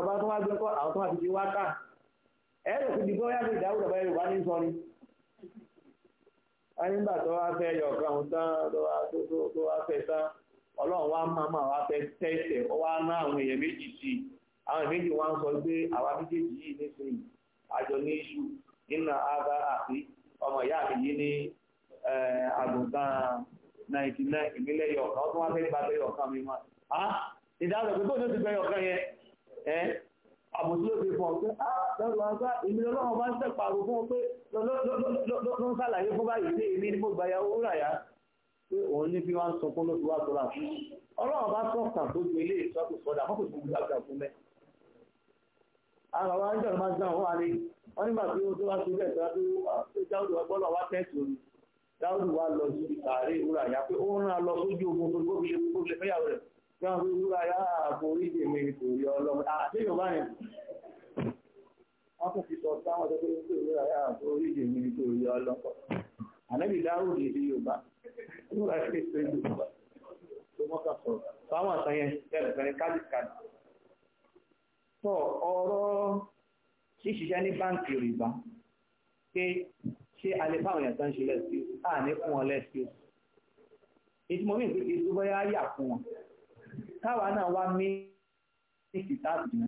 sọ nígbà tó wá fẹ́ yọ tán tó wá fẹ́ tán ọlọ́run wá máa máa wá fẹ́ tẹ́sẹ̀ ó wá ná àwọn èèyàn méjì sí méjì wá ń sọ pé àwa méjèèjì yìí àjọ ní iṣu nínú ọmọ ìyá mi yìí ní àgùntàn náìtì náà ìmílẹ̀ yọ̀ọ̀kan ọdún wọn fẹ́ gba abẹ́yọ̀ kan mi mọ́ a ìdáhùn pé bóyá ó ti gbẹ yọ̀ọ̀kan yẹn ẹ àbùsí ló fi fọ pé a lọ́rùn wọn gbá èmi lọ́wọ́ bá ń tẹ̀ pààrọ̀ fún ọ pé ló ń sàlàyé fún báyìí pé èmi ni mo gbà yàwó rà yá pé òun ní bí wọ́n sunkún ló fi wá sọ́ra fún ọlọ́run bá sọ̀tàn tó ju ilé ìtọ́jú sọ́dà mọ́tò tó gbúdá gbà fún mẹ́. àwọn àwọn àjọ máa ń gbà wọ́n wá ní wọ́n nígbà tí ó tó wá sí bẹ́ẹ̀ tó dáúdù wá gbọ́dọ̀ wá tẹ̀sí omi dáúdù wá lọ sí ìkàrí ìwúra yá pé ó ń rán lọ sójú ogun tó gbó fi kó fi fẹ́yàwó rẹ̀ kí wọ́n fi ìwúra yá àpò oríṣi mi kò yọ ọlọ́mọ àtẹ́yìn bá yẹn. wọ́n kò fi sọ sáwọn tó fẹ́ kó ìwúra yá àpò oríṣi mi kò yọ ọlọ́mọ. ànábì dáúdù ìdí Yorùbá ìwúra yá fi ṣíṣiṣẹ́ ní báǹkì rìbá pé ṣé a lè fáwọn èèyàn tó ń ṣe lẹ́sí à ní fún wọn lẹ́sí ìtumọ̀ mi pé èso bóyá yà fún wọn káwa náà wá mí ní kìtáàbù jìnnà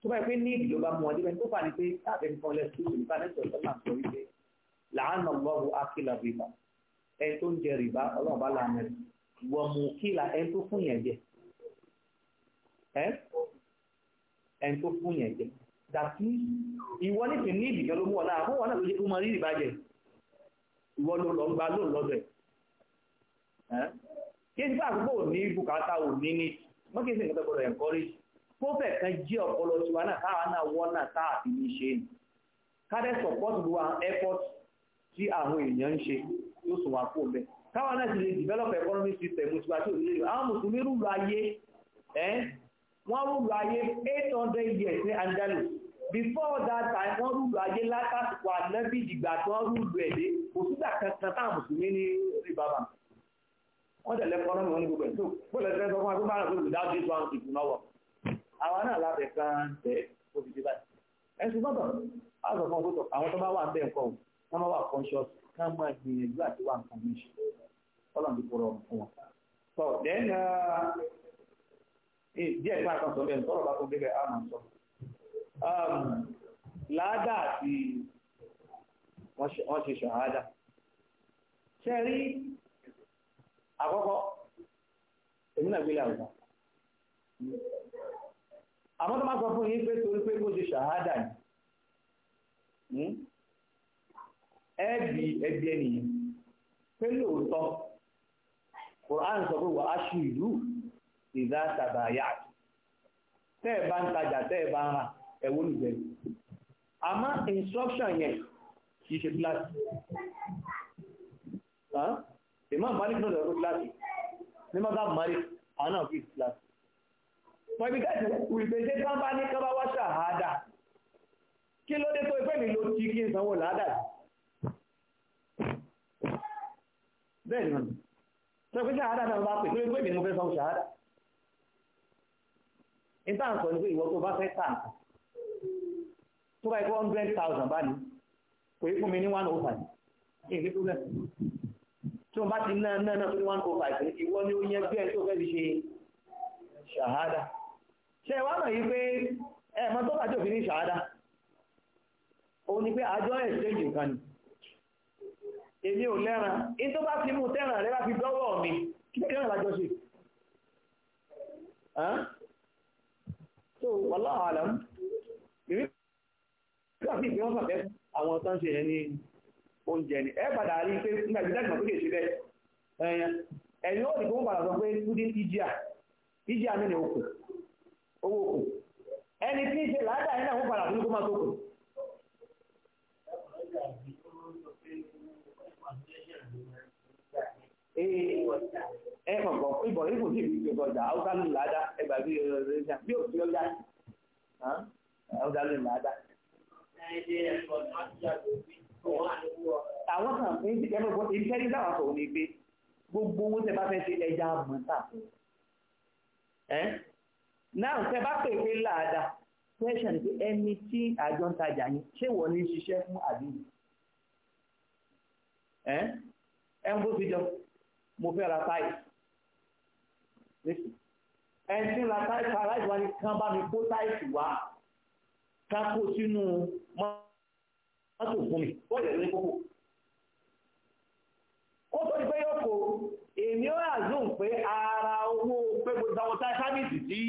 tó bá yẹ pé ní ìdìlọ́ bá mú wọn débẹ̀ tó fà ní pé káàbẹ̀ fún wọn lẹ́sí òṣèlú ká nẹ́sọ̀ sọ́nà sọ wípé làánà lọ́rù ákìlà rìbá ẹni tó ń jẹ rìbá ọlọ́run bá làánà rẹ̀ dàtí ìwọ nípe ní ìdìkan ló mú ọ̀la àmọ́ wọn náà ló jẹ́ kó mọ rírì bàjẹ́ ìwọ ló lọ gba lóòn lọ́bẹ̀ kí n bá àkókò ní bùkátà ò ní ní wọ́n kì í gbọ́dọ̀ encourage kó kan jẹ́ ọpọlọ tiwa náà táwa náà wọ́n náà tá àti ní ṣe support lu effort tí àwọn èèyàn ń ṣe yóò sùn wá develop economic system tiwa tí ò ní lè àwọn mùsùlùmí rúlu ayé wọ́n rúlu ayé eight hundred years ní Andalus before that time wọ́n rúlù ayé látàsìkò ànábì ìdìgbà tí wọ́n rúlù ẹ̀dẹ́ kò sígbà kankan táwọn mùsùlùmí ní rí bàbá wọ́n tẹ̀lé kọ́ náà ní gbogbo ẹ̀ tó bọ́ọ̀lù ẹ̀sẹ̀ sọ fún wa tó bá rà pé without this one it will not work àwa náà lábẹ́ kan tẹ̀ ó fi dé báyìí ẹ̀sùn gbọ́dọ̀ á sọ fún ọgbọ́tọ̀ àwọn tó bá wà bẹ́ẹ̀ nǹkan wọn máa wà conscious ká máa gbìyànjú àti wà nǹkan mi ṣe ti kúrọ̀ fún wọn. so then uh, eh, díẹ̀ tí a kan sọ bẹ́ẹ̀ sọ̀rọ̀ bá tó débẹ̀ á máa sọ̀rọ̀ Um, láádà àti wọ́n ṣe ṣàhádà ṣe rí àkọ́kọ́ èmi náà gbélé àwùjọ àmọ́ tó máa sọ fún yín pé torí pé kó ṣe ṣàhádà ni hmm? ẹbí ẹbí ẹnìyàn pé lóòótọ́ Quran sọ pé wà á ṣe ìlú ìdá tàbáyà bá ń ẹ̀wọ́ nìgbẹ́ àmọ́ instruction yẹn kìí ṣe gíláàsì ìmọ̀ malik náà lọ́rọ̀ gíláàsì ní mọ́gá malik àwọn náà fi gíláàsì wọ́n ibi káàkiri ìgbésẹ̀ kan bá ní kọ́bá wá ṣàhádà kí ló dé tó ìfẹ́ mi ló ti kí n sanwó làádà bẹ́ẹ̀ ni sọ pé ṣàhádà náà bá pè tó ìfẹ́ mi ni mo fẹ́ sanwó ṣàhádà ìtàn sọ ní pé ìwọ tó bá fẹ́ tà tó bá ikú hundred thousand bá ní kò yí fún mi ní one oh five kí n fi problem tí wọ́n bá ti ná náà náà tó ní one oh ni ó yẹ bí ẹni tó fẹ́ fi ṣe ṣàhádà ṣe wá mọ̀ yìí pé ẹ̀mọ́ tó bá tó fi ní ṣàhádà òun ni pé àjọ exchange nǹkan ni èmi ò lẹ́ran in tó bá fi mú tẹ́ràn rẹ bá fi dọ́wọ́ mi kí ló kẹ́ràn lájọ ṣe so wàláhàlám ìrí kíláàsì ìpín wọ́n sàfẹ́ àwọn tó ń ṣe yẹn ní oúnjẹ ni ẹ padà rí pé nígbà tí dájú màkúkè ṣe bẹ́ẹ̀ ẹ̀yìn ó dìbò ń padà sọ pé kúdí ìjìyà ìjìyà mi ni okùn owó okùn ẹni tí ń ṣe làádà yẹn náà ń padà fún kó máa tókùn. ẹ mọ̀ ìbọ̀ ìbò sì fi ọjà haúsá làádá ẹgbàá bí ọjà bí òfin ọjà haúsá làádá àwọn kan ẹgbẹ́gbọ́ ìfẹ́rí dáwà sọ ní pé gbogbo owó tẹ bá fẹ́ ṣe ẹja mọ́ta ẹ́ náà tẹ bá pè pé láàdá question pé ẹni tí àjọ ń tajà yín ṣé wọ́n ní ṣiṣẹ́ fún àbíyí ẹ́ ẹ́ ń bó fi jọ mo fẹ́ ra táì ẹni tí ń ra táì aláìsí wa ni kán bá mi kó táì wá ká kó sínú tó fún mi ó lè ní kókò ó tó ti pé yóò kó èmi ó àzùn pé ara owó pé gbogbo àwọn tá sábìsì tí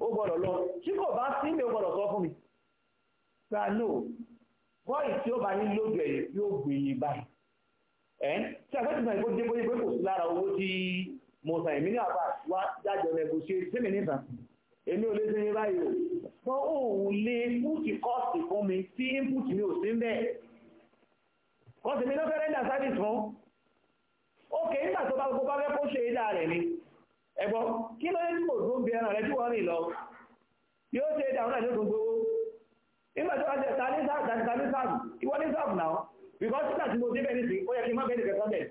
ó gbọ́dọ̀ lọ tí kò bá sí mi ó gbọ́dọ̀ sọ fún mi gba no bọ́ọ̀lì tí ó bá ní lójú ẹ̀ yóò gbé yín báyìí ẹ̀ tí àfẹ́tìmọ̀ ìbò dé bóyá pé kò sí lára owó tí mo sàn èmi ní àbá wá jájọ lẹ́gbọ̀ọ́ ṣe sẹ́mi níta èmi ò lè ṣe ní báyìí o wọ́n ò lè púùtì kọ́ọ̀sì fún mi tí input mi ò sí ń bẹ́ẹ̀ kọ́ọ̀sì mi ló fẹ́ rẹ́ndà service fún ókè nígbà tó bá gbogbo bá fẹ́ kó ṣe ìdá rẹ̀ ni ẹ̀gbọ́n kí ló kò dún bí ẹran rẹ̀ tí wọ́n rìn lọ yóò ṣe ìdá ọ̀nà ìlú gbogbo nígbà tó bá ṣe ta ní sáàbù ìwọ ní sáàbù náà bìkọ́ sígbà tí mo dé bẹ́ẹ̀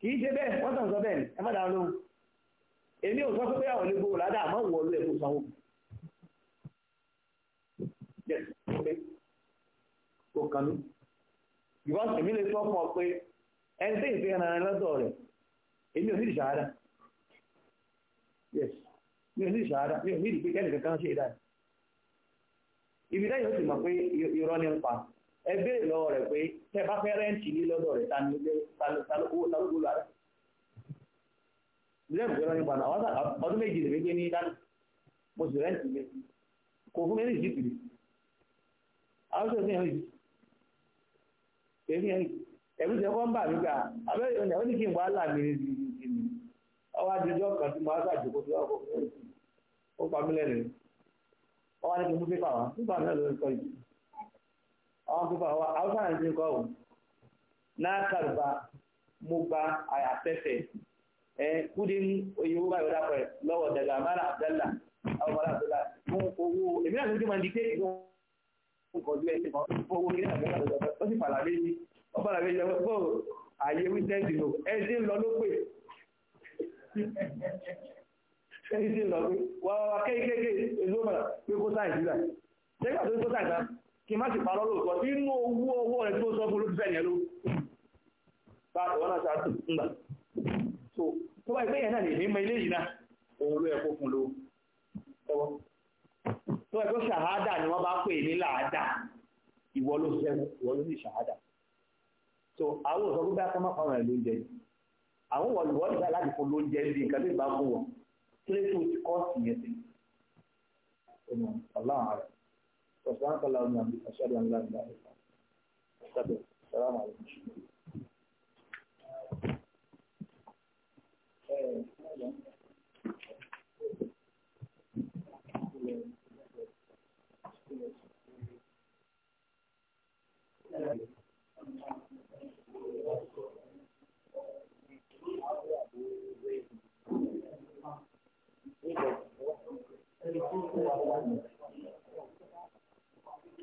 kì í ṣe bẹ́ẹ̀ wọ́n tàn sọ bẹ́ẹ̀ ẹ má dáa èmi ò sọ pé bẹ́ẹ̀ àwọn olóògbé ládà àmọ́ wọ olú ẹ̀kọ́ sanwó kò kàn mí because èmi lè sọ fún ọ pé ẹni tí ara lọ́dọ̀ rẹ̀ èmi ò ní yes mi ò ní ìṣàárà mi ò ní ìdí pé kẹ́nìkan kan ṣe dáa ibi dáyọ̀ sì mọ̀ pé irọ́ ni ń ẹ béèrè lọ́wọ́ rẹ̀ pé tẹ bá fẹ́ rẹ́ǹtì ní lọ́dọ̀ rẹ̀ ta ni talógbó lára lẹ́yìn ìjọba nípa náà wọ́n sàkà ọdún méjì lè gbé ní dáná mo sì rẹ́ǹtì mi kò fún mi ní ìjì tìrì àwọn sọ̀rọ̀ fihàn ìjì gbà abẹ́rẹ́ ìròyìn àwọn oníkì là mí ní ìjì ọwọ́ kan tí mo àwọn púpọ̀ àwọn haúsá náà ti kọ́ òun náà kàrùbá mo gba àyàfẹ́fẹ́ ẹ kúdí oyè owó báyọ̀ dápẹ́ lọ́wọ́ dàgbà mara abdallah àwọn ọmọ abdallah fún owó èmi náà ti máa ń di kéèkì fún nǹkan ojú ẹni kan fún owó kíní àgbẹ̀ àgbẹ̀ ó sì fàlà méjì ó fàlà méjì lọ́wọ́ fún àyè wíṣẹ́ǹtì lò ẹ ti ń lọ ló pè ẹ ti ń lọ pé wà wà kéékèèké èlò mọ̀lá pé kó sáà ìdílà ṣé kí kí má sì parọ́ lóòtọ́ inú owó owó rẹ̀ tó sọ fún olùfẹ́ yẹn ló bá àwọn náà ṣáà tún gbà so tó bá ìpé náà lè ní mọ ilé yìí náà òun ló ẹ̀kọ́ fún ẹwọ́ ni wọ́n bá pè ní làádà ìwọ ló ṣe ìwọ ló ṣàhádà so àwọn òṣọ́ gbogbo akọ́mọ́ kan rẹ̀ lóúnjẹ àwọn wọ̀ láti fún lóúnjẹ nǹkan tó سبحانك اللهم وبحمدك أشهد أن لا إله إلا أنت أستغفرك السلام عليكم Thank you.